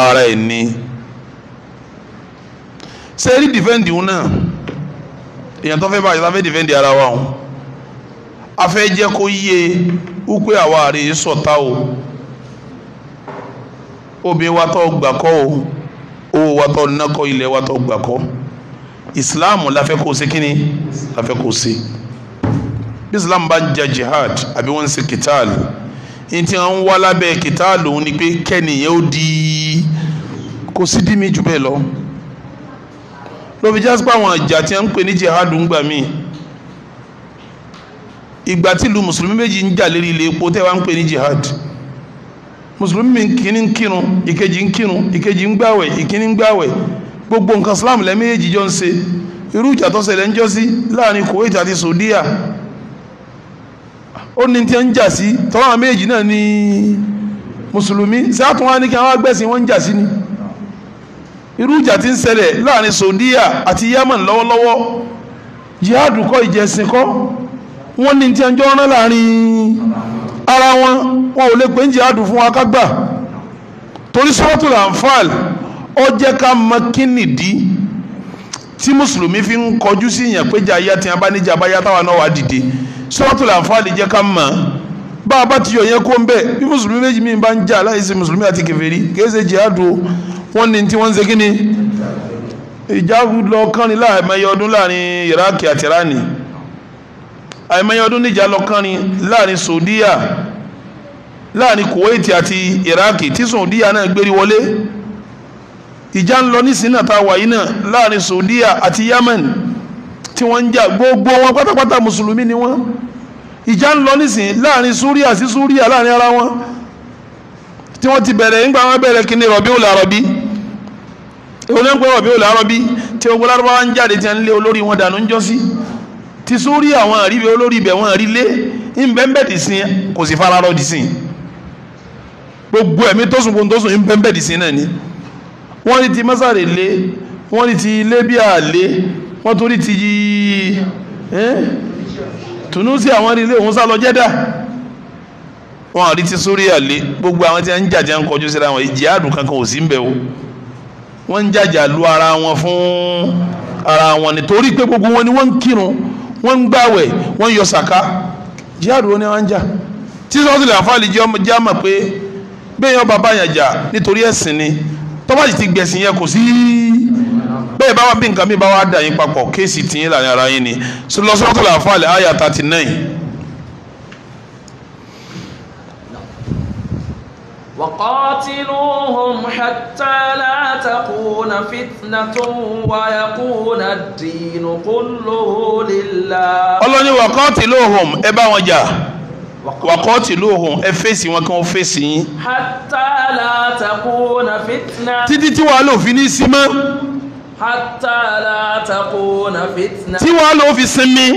ara ẹni ṣe rí dìfẹ́ǹdì òun náà èèyàn tó fẹ́ báyìí láfẹ́ dìfẹ́ǹdì ara wa òun afẹ́ jẹ́ kó yé wípé àwa rè é sọ̀tá o obìnrin wa tó gbà kọ́ o owó wa tó ná kọ́ ilẹ̀ wa tó gbà kọ́ ìsìláàmù láfẹ́ kó o ṣe láfẹ́ kó o islam bá ń jà jihad àbí wọ́n ń ṣe kìtàlù ní tí wọ́n ń wá lábẹ́ kìtàlù òun ni pé kẹ́nìyàn ó di kò sí dí jù bẹ́ẹ̀ lọ ló fi jásí pé àwọn ìjà tí wọ́n ń pè ní jihad ń gbà míì ìgbà tí ìlú mùsùlùmí méjì ń jà lérí ilé epo tẹ́ ń pè ní jihad mùsùlùmí kìíní ń kírun ìkejì ń kírun ìkejì ń gbàwẹ̀ ìkíní ń gbàwẹ̀ gbogbo nǹkan Islam lẹ́mẹ́yèjì jọ ń ṣe irú ìjà tó ṣẹlẹ̀ ń jọ sí láàrin Kuwait àti Saudiya ó ní tí ń jà sí tọ́lá méjì náà ní mùsùlùmí sí àtúnwá ní kí àwọn agbẹ́sìn wọn ń jà sí ni irú ìjà tí ń ṣẹlẹ̀ láàrin sondiya àti yemen lọ́wọ́lọ́wọ́ jihadu kọ́ ìjẹsìn kọ́ wọ́n ní tí ẹjọ́ rán láàrin ara wọn wọn ò lè pè ń jihadu fún wa kágbà torí suratul Anfal ó jẹ́ ká mọ kí nìdí tí mùsùlùmí fi ń kọjú sí ìyàn péjà ayá tí a bá níjà bá yá táwa náà wà dìde suratul Anfal jẹ́ ká mọ̀ bá a bá ti yọ̀ yẹn kó ń bẹ̀ bí mùsùlùmí méjì mi bá ń jà láì ṣe mùsùlùmí àti kèfèrí kì jihadu o wọ́n ní tí wọ́n ń ṣe kí ni ìjà lọ kánni láàmẹ́yẹ ọdún láàrin Iraq àti Iran àìmẹ́yẹ ọdún níjà lọ kánni láàrin Saudiya láàrin Kuwait àti Iraq tí Saudiya náà gbérí wọlé ìjà ń lọ nísìnyí náà tá a wà yìí náà láàrin Saudiya àti Yemen tí wọ́n ń jà gbogbo wọn pátápátá mùsùlùmí ni wọ́n ìjà ń lọ nísìnyí láàrin Súríà sí Súríà láàrin ara wọn tí wọ́n ti bẹ̀rẹ̀ ńgbà wọn bẹ̀rẹ̀ kí ni rọ̀bí ò lè rọ̀bí ìwọlé ń pẹ́ wọ̀ bí olè arọ́bí tí ogun lárúbáwá ń jáde tí a ń lé olórí wọn dànù ń jọ sí ti sórí àwọn àríwé olórí ibẹ̀ wọn àrí lé ń bẹ́ dì sí kò sì fara rọ́ dì sí gbogbo ẹ̀mí tó sùn kó tó sùn ń bẹ́ ń bẹ́ dì sí náà ni wọ́n ní ti mọ́sàrè lé wọ́n ní ti lébíà lé wọ́n tún ní ti Tunisia àwọn àrí lé òun sá lọ jẹ́dá wọ́n àrí ti sórí àlé gbogbo àwọn tí a ń jà tí a ń kọjú síra àwọn ìjì àdùn kankan ò sí ń bẹ̀ o wọ́n ń jàjà lu ara wọn fún ara wọn nítorí pé gbogbo wọn ni wọ́n ń kírun wọ́n ń gbàwẹ̀ wọ́n ń yọ sàká jihad wọn ni wọ́n ń jà tí sọ́ọ́sì làǹfààní jẹ́ mọ̀ pé bẹ́ẹ̀ yọ bàbá yàn jà nítorí ẹ̀sìn ni tọ́ba sì ti gbẹ̀sìn yẹn kò sí bẹ́ẹ̀ bá wà bí nǹkan mi bá wà dà yín papọ̀ kéèsì tìyín láàrin yín ni lọ́sọ́ọ́sì làǹfààní àyà thirty nine. وقاتلوهم حتى لا تكون فتنة ويكون الدين كله لله Ọlọ́run ني وقاتلوهم ẹ وجا. wọn jà وقاتلوهم ẹ fèsì wọn kí حتى لا تكون فتنة títí tí wàá lò fi ní sí hátàlá takóna fitna. tí wọ́n ló fi sinmi.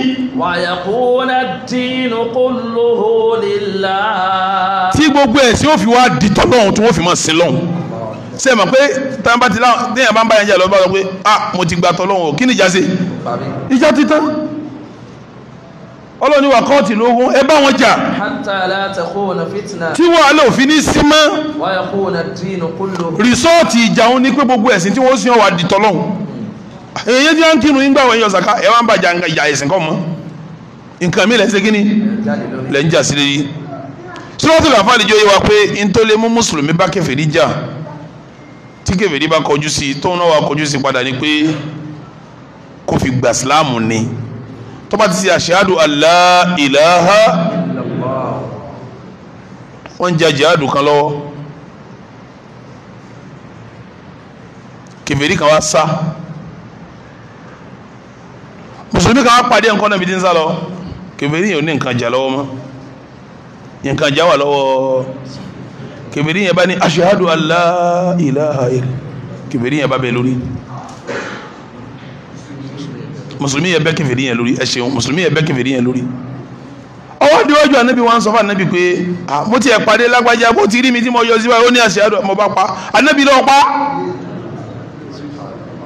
wàyàkóna dínú kó lóhó lílá. tí gbogbo ẹ̀ tí ó fi wá di tọ́lọ́hún tí wọ́n fi máa sin lọ́hún ṣe mọ̀ pé tàbátí láwọn téèyàn bá ń bá yẹn jẹ́ lọ́wọ́ bá sọ pé ah mo ti gba tọ́lọ́hún o kí ni ìjà ṣe ìjà ti tán ọlọ́ni wà kọ́ọ̀tì lógún ẹ bá wọn jà tí wọ́n alẹ́ òfin ní sí mọ́ rìsọ́ọ̀tì ìjà òun ni pé gbogbo ẹ̀sìn tí wọ́n sì wà di tọ́lọ́hún èyí tí wọ́n ń kírun nígbà wọ́n yọ sàká ẹ̀ wọ́n ń bàjá ìjà ẹ̀sìn kọ́ mọ́ nǹkan mi lẹ́sẹ̀ kíni lẹ́ ń jà sí lórí sọ́ọ̀tì làfà lè jọ yẹ wa pé ntọ́lé mú mùsùlùmí bá kèfèrí jà tí kèfèrí bá kọjú sí tóun náà wà kọjú sí padà ni pé kò fi gbà síláàmù ni tó bá ti ṣe àṣehádù Allah ilaha wọ́n ń jẹ àjẹ́hádù kan lọ́wọ́ kèfèrí kan wá sá mùsùlùmí kan wá pàdé nǹkan náà bí ti ń sá lọ kèfèrí yẹn ò ní nǹkan jà lọ́wọ́ mọ́ nǹkan jà wà lọ́wọ́ kèfèrí yẹn bá ní àṣehádù Allah ilaha kèfèrí yẹn bá bẹ lórí mùsùlùmí yẹn bẹ́ kèfèrí yẹn lórí ẹ ṣeun mùsùlùmí yẹn bẹ́ kèfèrí yẹn lórí ọwọ́ díwájú ànábì wọn sọ fún ànábì pé mo ti ẹ̀ pàdé lágbájá bó ti rí mi tí mo yọ síbáyé ó ní àṣẹ àdó mo bá pa ànábì lọ́ọ́ pa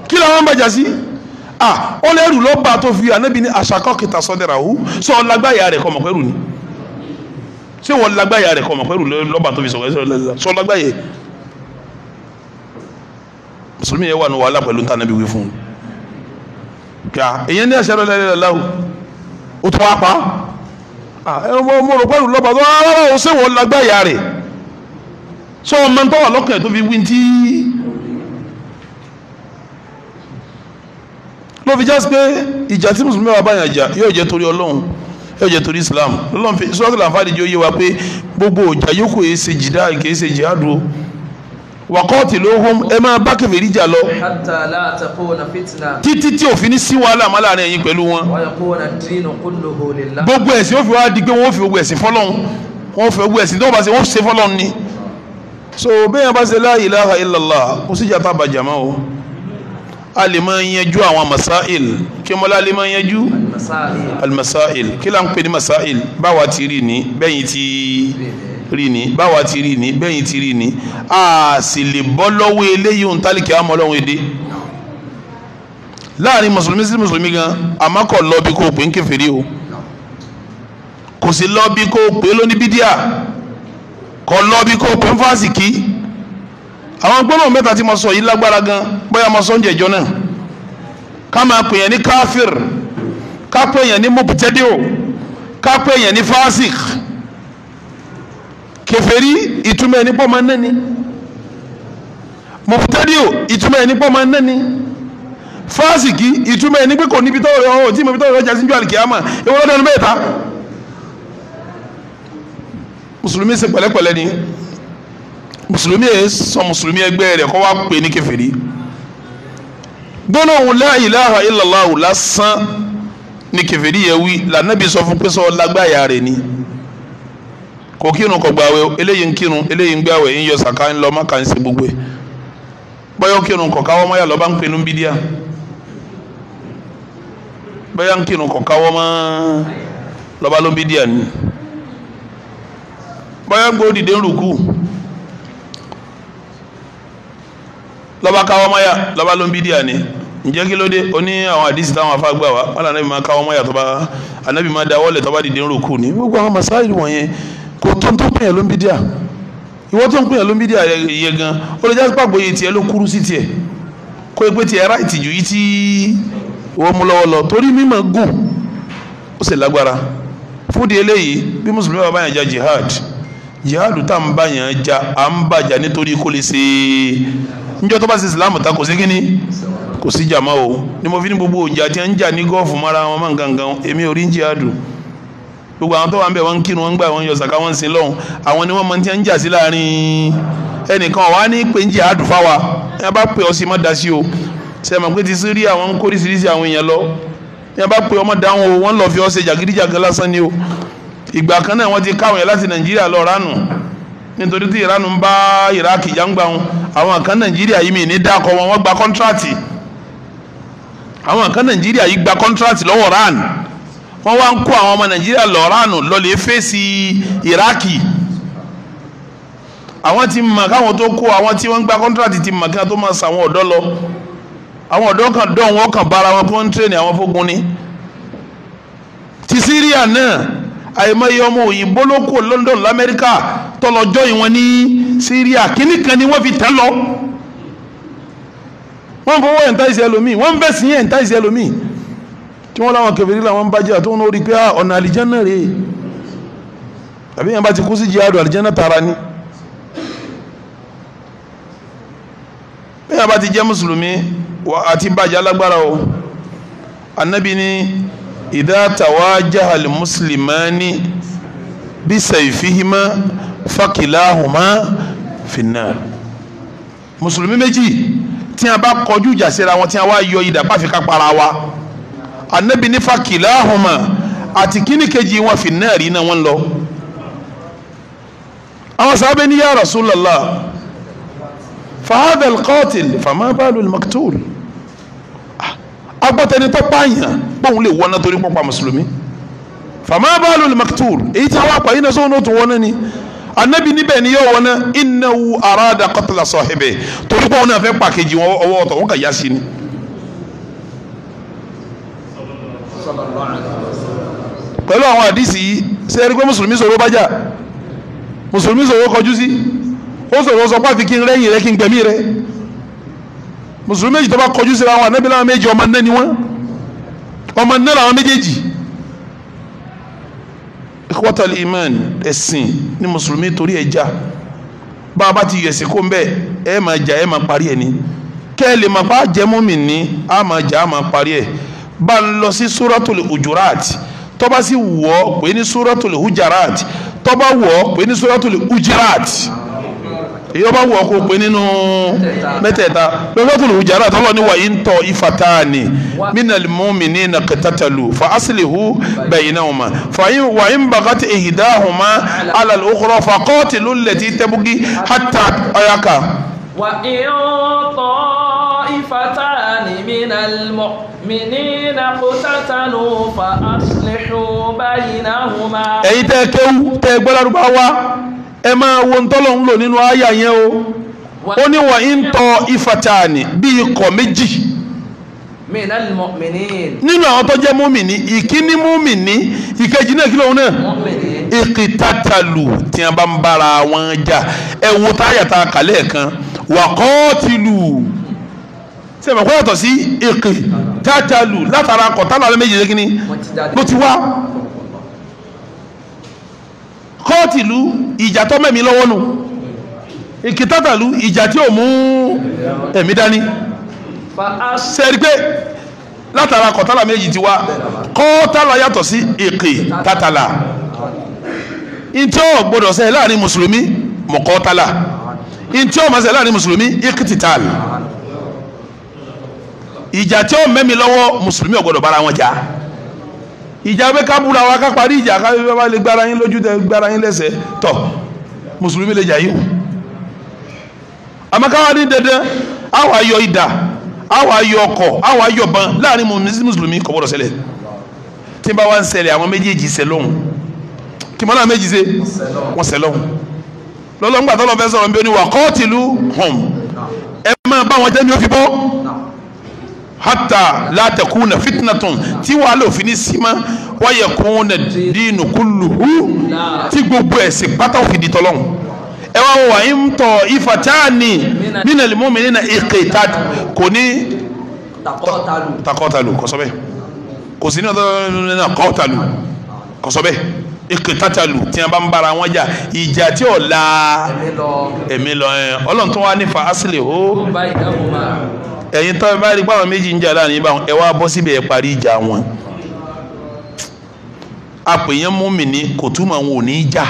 kí ló wọn bàjá sí ó lẹ́rù ló bá tó fi ànábì ní àṣàkọ́ kìtà sọ́dẹ̀rà hù sọ lágbáyà rẹ̀ kọ́ mọ̀ pẹ́rù ni ṣé wọ́n lágbáyà rẹ̀ kọ́ mọ̀ pẹ́rù lọ́ba tó fi sọ lágbáyà mùsùlùmí yẹn wà ní wàhálà pẹ̀lú ntànàbí wí fún un kíá èyàn ní ẹ̀ṣẹ̀ rẹ̀ lẹ́yìn lẹ́wọ̀ ó tún wá pa mo rò pẹ́lú lọ́ba tó wá wá ó sèwọ́ lágbáyà rẹ̀ sọ ọmọ tó wà lọ́kàn ẹ̀ tó fi wí tí ló fi jásí pé ìjà tí mùsùlùmí wà báyàn jà yóò jẹ́ torí ọlọ́run yóò jẹ́ torí islam lọ́lọ́run fi sọ́ọ́kì làǹfààní jẹ́ ó yé wa pé gbogbo ìjà yókù èé ṣe jìdá kìí ṣe jìhádùú wàkọ́ọ̀tì ló hóm ẹ máa bá kèfèrí jà lọ. títí tí òfin ní sí wàhálà má láàrin ẹ̀yin pẹ̀lú wọn. gbogbo ẹ̀sìn ó fi wá di pé wọ́n fi gbogbo ẹ̀sìn fọlọ́hún wọ́n fi gbogbo ẹ̀sìn tó bá ṣe wọ́n ṣe fọlọ́hún ni. so bẹ́ẹ̀ bá ṣe la ilaha illallah kò sí ìjà tá a bàjẹ́ mọ́ o. a lè máa yanjú àwọn masail kí mọ́lá lè máa yanjú almasail kí là ní masail báwa ti rí ni bẹ́yìn ti rí ni rí ni báwa ti rí ni bẹ́yìn ti rí ni a sì lè bọ́ lọ́wọ́ eléyìí ń tálíkì àmọ́ ọlọ́run èdè láàrin mùsùlùmí sí mùsùlùmí gan àmọ́kọ̀ lọ bí kò pé ń kèfèrí o kò sí lọ bí kò pé lónìí bídíà kò lọ bí kò pé ń fásìkí àwọn gbólóhùn mẹ́ta tí mo sọ yìí lágbára gan bóyá mo sọ ń jẹjọ náà ká máa pè yẹn ní káfíìr ká pè yẹn ní mọ̀pútẹ́díò ká pè yẹn ní fásìkì kèfèrí ìtumọ̀ ẹni pọ́ máa ń nẹ́ni mọ̀tẹ́díò ìtumọ̀ ẹni pọ́ máa ń nẹ́ni fásìkì ìtumọ̀ ẹni pé kò níbi tó rẹ ọ̀hún tí mo fi tó rẹ ọjà síjú àlìkìyàmà ìwọ lọ́dọ̀ ẹni bẹ́ẹ̀ ta mùsùlùmí ṣe pẹ̀lẹ́pẹ̀lẹ́ ni mùsùlùmí yẹn sọ mùsùlùmí ẹgbẹ́ rẹ̀ kọ́ wá pè ní kèfèrí gbólóhùn la ilaha illallah lásán ni kèfèrí yẹn wí lànàbí sọ fún pé sọ lágbáyà ni kò kírun kò gbàwé o eléyìí ń kírun eléyìí ń gbàwé ń yọ sàká ń lọ mọ́kà ń ṣe gbogbo ẹ̀ bọ́yọ̀ kírun kò káwọ́ mọ́yà lọ́ba ń pè ní bídíà bọ́yọ̀ ń kírun kò káwọ́ mọ́ lọ́ba ló ń bídíà ni bọ́yọ̀ gbó dìde ń rùkú lọ́ba káwọ́ mọ́yà lọ́ba ló ń bídíà ni ǹjẹ́ kí ló dé o ní àwọn àdìsí táwọn afá gbà wọn lànà bí máa káwọ́ mọ́yà tọ́ba ànábì máa dáwọ́lẹ̀ tọ́ba dìde ń rùkú ni gbogbo àwọn masáyìí wọ̀nyẹn kò tó tó pè yàn ló ń bí díà ìwọ tó ń pè yàn ló ń bí díà yẹ gan ó lè jẹ́ pàgbọ́ yìí tiẹ̀ ló kúrú sí tiẹ̀ kó o pé tiẹ̀ ráìtì ju yìí tí ìwọ mú lọ́wọ́ lọ torí mímọ̀ gùn ó sì lágbára fúdi eléyìí bí mùsùlùmí bá bá yàn jihad jihad tá à ń bá yàn à ń bàjà nítorí kó lè ṣe níjọ́ tó bá ṣe islam ta kò sí kíni kò sí jàmá o ni mo fi ní gbogbo òjà tí wọ́n ń jà ní gọ́ọ̀fù mara wọn máa ń gangan èmi ò rí jihad gbogbo àwọn tó wà ń bẹ̀ wọ́n ń kírun wọ́n ń gbà wọ́n ń yọ sàká wọ́n ń sin lọ́hùn àwọn ni wọ́n mọ tí wọ́n ń jà sí láàrin ẹnìkan wà á ní pé ń jẹ́ àdùfá wa ẹ bá pè ọ sí má da sí o sẹ́mi pé ti sí rí àwọn ń kórìsìrìsì àwọn èèyàn lọ ẹ bá pè ọmọ dáhùn o wọ́n lọ fi ọ ṣe jàgídíjàgan lásán ni o ìgbà kan náà wọ́n ti káwọn yẹn láti Nàìjíríà lọ ránù nítorí tí ìránù ń bá Iraki jàǹgbà wọn àwọn kan Nàìjíríà yìí mi ní dákọ wọn wọ́n gba kọ́ńtrátì àwọn kan Nàìjíríà yìí gba kọ́ńtrátì lọ́wọ́ ránù wọ́n wá ń kó àwọn ọmọ nàìjíríà lọ́ránù lọ́lẹ̀ fèsì iraki àwọn ti mọ̀ káwọn tó kó àwọn tí wọ́n ń gba kọ́ńtírátì ti mọ̀ kí wọ́n tó máa sàwọn ọ̀dọ́ lọ àwọn ọ̀dọ́ kan dán wọn kan bára wọn kó ń tírẹ̀nì àwọn fógun ni ti Syria náà àìmọye ọmọ òyìnbó ló kó London lamẹ́ríkà tọlọjọ́ ìwọ̀n ní Syria kínní kan ni wọ́n fi tẹ́ lọ wọ́n fọwọ́ ẹ̀ńtáìsì ẹlòmíì wọ́n ń bẹ̀sìn ẹ̀ńtáìsì ẹlòmíì tí wọ́n láwọn kèfèrí làwọn bá jẹ́ àtọ́wọn orí pé ah, ọ̀nà àlìjánà rèé àbí yẹn bá ti kú sí jihadu àlìjánà tara ni bẹ́ẹ̀ bá ti jẹ́ mùsùlùmí àti bàjẹ́ alágbára o anabi ni idha tawajaha al-muslimani bi sayfihima fakilahuma finnar mùsùlùmí méjì tí a bá kọjú ìjà síra wọn tí a wá yọ idà para wa anabi nífa kìlá ahoma àti kíní kejì wọn fi náà rí iná wọn lọ àwọn sábẹ́ ní ya Rasulullah fahadal qatil fama balul maktul agbọ́tẹni tó pààyàn bóun lè wọ́n náà torí pọ́pá mùsùlùmí fama balul maktul èyí tí àwọn apààyàn náà sóhun náà tó wọ́n ni anabi níbẹ̀ ni yóò wọ́n náà arada qatla sahibi torí pọ́n náà fẹ́ pàkejì wọn ọwọ́ ọ̀tọ̀ wọn kà yá sí ni. pẹ̀lú àwọn àdìsí yìí ṣe ẹni pé mùsùlùmí sọ̀rọ̀ bá jà mùsùlùmí sọ̀rọ̀ kọjú sí ó sọ̀rọ̀ sọ pé àfi kí n rẹ́yìn rẹ kí n gbẹ̀mí rẹ mùsùlùmí méjì tó bá kọjú síra wọn ànábì láwọn méjì ọmọ nẹ́ni wọn ọmọ nẹ́ làwọn méjèèjì ikhwatal iman ẹ̀sìn ni mùsùlùmí torí ẹ̀ jà bá a bá ti yẹ̀sì kó ń bẹ̀ ẹ̀ máa jà ẹ̀ máa parí ẹ̀ ni kẹ́ ẹ lè máa bá jẹ́mọ́mì ní a máa jà a máa parí ẹ̀ bá ń lọ sí suratul Hujurat tó bá sì wọ́ pé ní suratul hujarat tó bá wọ́ pé ní suratul hujarat èyí ó bá wọ́ kó pé nínú mẹ́tẹ̀ẹ̀ta suratul hujarat ọlọ́ni wà yín tọ́ ifatani minal mu'minina qatatalu fa aslihu baynahuma wà yín bagat ihdahuma ala al fa qatilu allati tabghi hatta ayaka. wà yín tọ́ ifatani minal mu'minina mìnínà kò tátàlù fa aslihu baynahuma. ẹ̀yin tẹ́ kéwú tẹ́ gbọ́dọ̀dúgba wá ẹ máa wo ntọ́lọ̀ ń lò nínú àyà yẹn o ó ní wà ń tọ́ ìfàtàní bí ikọ̀ méjì nínú àwọn tó jẹ́ múmìnì ìkíní múmìnì ìkejì náà kí lóun náà ìkìtàtàlù tí a bá ń bára wọn jà ẹ wo táyà tá a kà lẹ́ẹ̀kan wà kọ́ọ̀tìlù sẹ́mi ọ̀kọ́ yàtọ̀ sí èkè jájálù látara kọ̀tà làwọn méjì lẹ́kìnní ló ti wá kọ́ọ̀tìlú ìjà tó mẹ́mi lọ́wọ́ nù ìkìtàtàlú ìjà tí ò mú ẹ̀mí dání sẹ́rí pé látara kọ̀tàlà méjì ti wá kọ́ọ̀tàlà yàtọ̀ sí èkè tàtàlà ntí ó gbọdọ̀ ṣe láàrin mùsùlùmí mọ̀kọ́tàlà ntí ó máa ṣe láàrin mùsùlùmí ìkìtìtàlù ìjà tí ó mẹ́mi lọ́wọ́ mùsùlùmí ò gbọ́dọ̀ bára wọn jà ìjà pé ká búra wa ká parí ìjà ká bá lè gbára yín lójú tẹ gbára yín lẹ́sẹ̀ tọ̀ mùsùlùmí lè jà yìí o àmọ́ káwá ní dandan àwọn ayọ̀ ìdà àwọn ayọ̀ ọkọ̀ àwọn ayọ̀ ban láàrin mùsùlùmí kò gbọ́dọ̀ ṣẹlẹ̀ tí n bá wá ń ṣẹlẹ̀ àwọn méjèèjì ṣẹ lọ́hùn kí mọ́lá méjì ṣe wọ́n ṣẹ lọ́hùn lọ́lọ́ngbà tọ́lọ́ fẹ́ sọ̀rọ̀ bí ó ní wà hàn ẹ máa bá wọn jẹ́ mi ó fi bọ́ hatta la takuna fitnatun tí wàhálà òfin ní sima wa yakuna dinu kulluhu tí gbogbo ẹ̀sìn pátá òfin di tọ́lọ́hún ẹ wá wọ àyín tọ ìfàtàní nínú ẹlẹmọmi nínú ìkẹta kò ní takọtalu kọsọbẹ kò sí ní ọdọ nínú kọtalu kọsọbẹ ekitatalu tí wọn bá ń bára wọn jà ìjà tí ò la ẹ̀mí lọ ẹ ọlọ́run tó wá nífa asílẹ̀ o ẹ̀yin tó bá rí báwọn méjì ń jà láàrin báwọn ẹ wá bọ́ síbi ẹ̀ parí ìjà wọn àpèyàn múmìnì kò túmọ̀ wọn ò ní í jà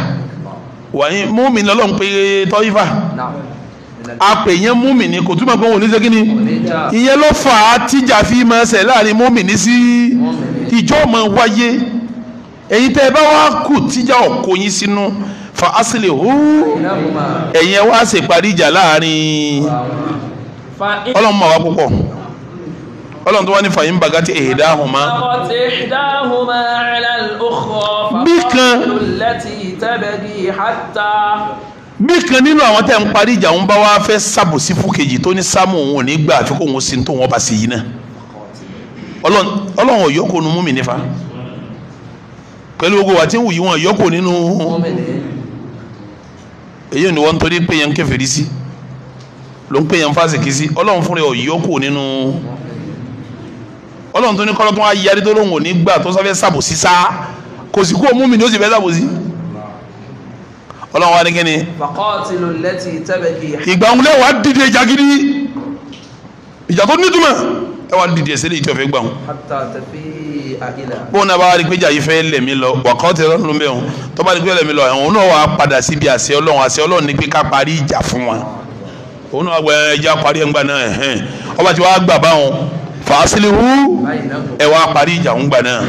wàyí múmìnì ọlọ́run pé tọ́yífà àpèyàn múmìnì kò túmọ̀ wọn ò ní í ṣe ìyẹn ló fà á tíjà fi máa ṣẹ̀ láàrin múmìnì sí ìjọ́ ọmọ wáyé èyí tẹ́ ẹ bá wá kù tíjà ọkọ yín sínú fa asili hu ẹ̀yin ẹ wá ṣe parí ìjà láàrin ọlọ́run máa wá púpọ̀ ọlọ́run tó wá ní fàyín bàgá tí èdè ahùn má. bí kan bí kan nínú àwọn tẹ́ ń parí ìjà ń bá wá fẹ́ ṣàbòsí fún kejì tó ní sámù òun ò ní gbà àfikún òun sí tó wọn bá sí yìí náà ọlọ́run ọ̀yọ́kọ̀ ọ̀nùmú nífa pẹ̀lú ogo àti wùyí wọn yọkù nínú èyí ni wọ́n torí pé yẹn kèfèrí sí ló ń pè yẹn fásitì sí ọlọ́run fúnra ẹ̀ yọkù nínú ọlọ́run tó ní kọ́lọ́ tó wá yarí tó lóun ò ní gbà tó sáfẹ́ sàbòsí sá kò sí kó o mú mi ní ó sì fẹ́ sàbòsí ọlọ́run wa ni kíni. fàkọ́ọ̀tìlù lẹ́tì tẹ́bẹ̀kì. ìgbà òun lẹ́wàá dìde ìjà gidi ìjà tó nítumọ̀ ẹ wá dìde ẹsẹ lè tí o fẹ́ gbà wọn. bóun náà bá wà rí pé jàyí fẹ́ lẹ̀mí lọ wàkọ́ tẹ lọ́nà lómi ọ̀hún tó bá rí pé lẹ̀mí lọ ọ̀hún náà wà padà síbi àṣẹ ọlọ́run àṣẹ ọlọ́run ni pé ká parí ìjà fún wa òun náà gbẹ ẹja parí ẹgbà náà ẹhẹn ọba tí wàá gbà báwọn fàásìlìwú ẹ wá parí ìjà ń gbà náà.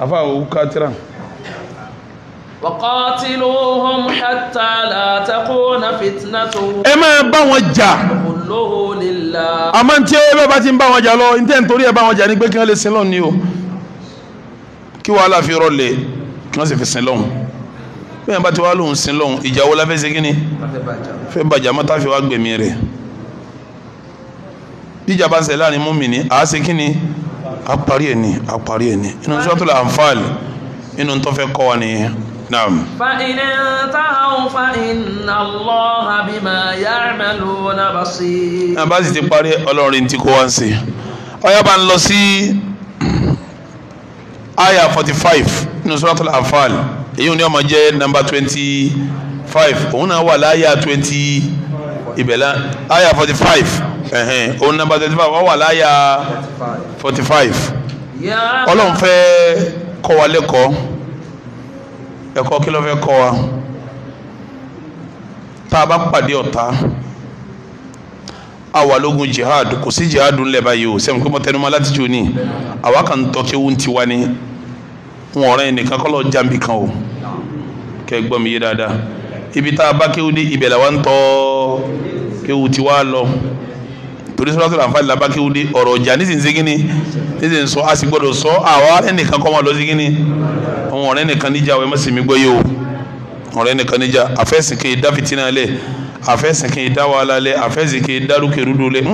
afa òwú kátìrà. وقاتلوهم حتى لا تكون فتنة. ẹ máa kulluhu lillah. àmọ́ tí ẹ bá ti ń bá wọn jà lọ ní tẹ́ ń torí ẹ bá wọn jà ní pé kí wọ́n lè sin lọ́hùn ni o kí wàhálà fi rọlẹ̀ kí wọ́n sì fi sin lọ́hùn bẹ́ẹ̀ bá ti wá lóhùn sin lọ́hùn ìjà la fẹ́ ṣe kínní fẹ́ bàjá mọ́tà fi wá gbẹ̀mí rẹ̀ jíjà bá ń ṣẹlẹ̀ láàrin mùmínì àá ṣe kínní àparí ẹ̀ ní àparí ẹ̀ ní inú suratul Anfal inú tó fẹ́ kọ́ wa nìyẹn. نعم فإن انتهوا فإن الله بما يعملون بصير náà bá sì ti parí ọlọ́run tí kò wá ń ṣe ọyá bá ń lọ sí aya forty five nínú suratul Anfal èyí ni ó máa jẹ́ nọ́mbà twenty five òun náà wà twenty ibẹ̀lá aya forty five òun nọ́mbà twenty five wọ́n wà forty five ọlọ́run fẹ́ kọ́ wa lẹ́kọ̀ọ́ ẹ̀kọ́ kí ló fẹ́ kọ́ wa tá a bá pàdé ọ̀tá àwa lógun jihad kò sí jihad ńlẹ̀ báyìí o sẹ́mi pé mo tẹnumọ́ láti jù ní àwa kàn ń tọ́kí ohun tiwa ni wọn ọ̀rẹ́ nìkan kọ́ lọ jàǹbì kan o kẹ́ gbọ́ mi yé dáadáa ibi tá a bá kéwú dé ibẹ̀ làwa ń tọ́ kéwú tiwa lọ torí sọ́dọ̀tò làǹfà làbá kí wúdi ọ̀rọ̀ ọjà nísìnyí sígínì nísìnyí sọ a sì gbọ́dọ̀ sọ àwa ẹnìkan kọ́ máa lọ sígínì àwọn ọ̀rẹ́ nìkan níjà wẹ́ẹ́ má sì mí gbọ́ yìí o ọ̀rẹ́ nìkan níjà àfẹ́sìn kì í dá fìtínà lẹ̀ àfẹ́sìn kì í dá wàhálà lẹ̀ àfẹ́sìn kì í dá rúkèrúdò lẹ̀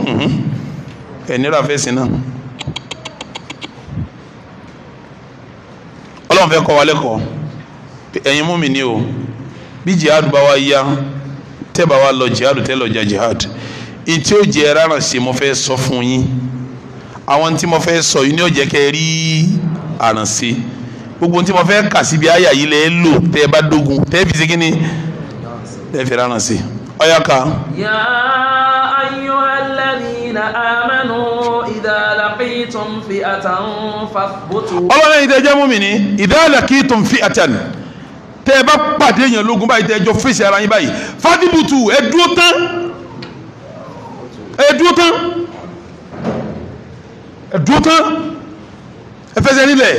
wa lẹ́kọ̀ọ́ ẹ̀yin mú mi ní o bí jihad bá wa yá tẹ́ bá wa lọ jihad tẹ́ lọ jà jihad. jihad ntí ó jẹ ẹran sí mo fẹ́ sọ fún yín àwọn tí mo fẹ́ sọ yìí ni ó jẹ́ kẹ́ rí àràn sí gbogbo tí mo fẹ́ kà síbi àyà yìí lẹ́ lò tẹ́ ẹ bá dógun tẹ́ ẹ fi ṣe kí ni ẹ fi ráràn sí ó yá ká. ya ayyuhal ladhina amanu idha laqitum fi'atan fathbutu. ọlọ́run ìdá ẹjẹ́ mú mi ní idha laqitum fi'atan tẹ́ ẹ bá pàdé èèyàn lógun báyìí tẹ́ ẹ jọ fèsì ara yín báyìí fàdíbùtù ẹ dúró tán ẹ̀dúró tán ẹ̀dúró tán ẹ fẹsẹ̀ nílẹ̀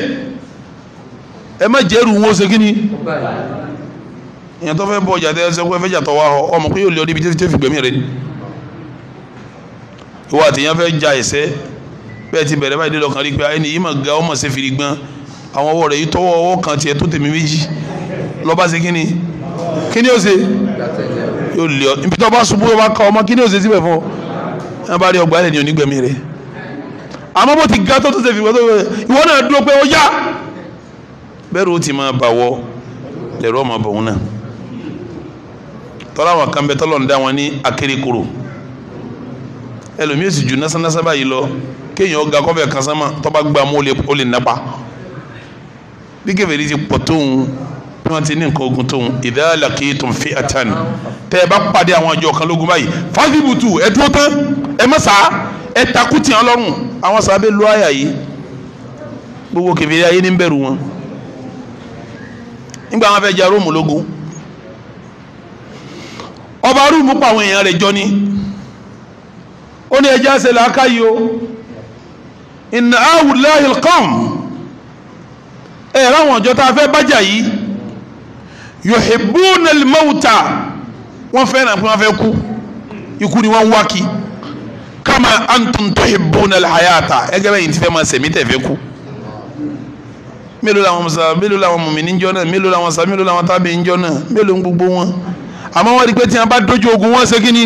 ẹ má jẹ́rù wọn ṣe kíni ìyẹn tó fẹ́ bọ̀ ọjà tẹ ẹsẹ̀ kó ẹ fẹ́ jàtọ̀ wá ọ ọmọ kó yóò lé ọ níbi tí fi gbẹ̀mí rẹ ni ìwọ àtìyàn fẹ́ ja ẹ̀sẹ̀ bẹ́ẹ̀ ti bẹ̀rẹ̀ báyìí lọ́kàn rí pé ẹni yìí mà ga ọmọ ṣe fìrí gbọ́n àwọn ọwọ́ rẹ̀ yìí tọwọ́ ọwọ́ kan tiẹ̀ tó tèmi méjì lọ́ba ṣe kíni kíni ó ṣe yóò lé ọ níbi tó bá ṣubú tó ká ọmọ kíni ó ṣe síbẹ̀ fún ọ wọn bá rí ọgbà ẹlẹ́ni onígbẹ̀mí rẹ̀ àmọ́ bó ti ga tó tó ṣe fi wọ́n tó ìwọ náà dúró pé ó yá bẹ́ẹ̀rù ó ti máa bà wọ́ lẹ̀rọ ọmọ bọ̀hún náà tọ́lá àwọn kan bẹ tọ́lọ̀ ń dá wọn ní akérèkòrò ẹlòmíì sì ju násánásá báyìí lọ kéèyàn ọ̀gá kọ́fẹ̀ kan sánmà tọ́ba gbà mú ó lè nápa bí kẹfẹ́ rí ti pọ̀ tóun wọ́n ti ní nǹkan ogun tóun idha laqitum fi'atan tẹ́ ẹ bá pàdé àwọn àjọ kan lógun báyìí fadhibutu ẹ dúró tán ẹ má sá ẹ takú tì án àwọn sábẹ́ lu àyà yìí gbogbo kẹfìrí ayé ní bẹ̀rù wọn nígbà wọn fẹ́ ja róòmù lógun ọba róòmù pa àwọn èèyàn rẹ̀ jọ ni ó ní ẹjẹ́ àṣẹ làákàyè o inna awùláyìl kọ́m ẹ̀ ráwọn ọjọ́ tá a fẹ́ bájà yìí yuhibbuna al-mauta wọ́n fẹ́ràn fún wọn fẹ́ ikú ni wọ́n wá kama antum tuhibbuna al-hayata ẹgbẹ́ bẹ́ẹ̀ yìí ti fẹ́ máa sẹ̀mí tẹ̀ fẹ́ kú mélòó làwọn musa mélòó làwọn mùmíní níjọ́ náà mélòó làwọn sa mélòó làwọn tábìlì níjọ́ náà mélòó gbogbo wọn àmọ́ wọ́n rí pé tí wọ́n bá dojú ogun wọ́n ṣe kíni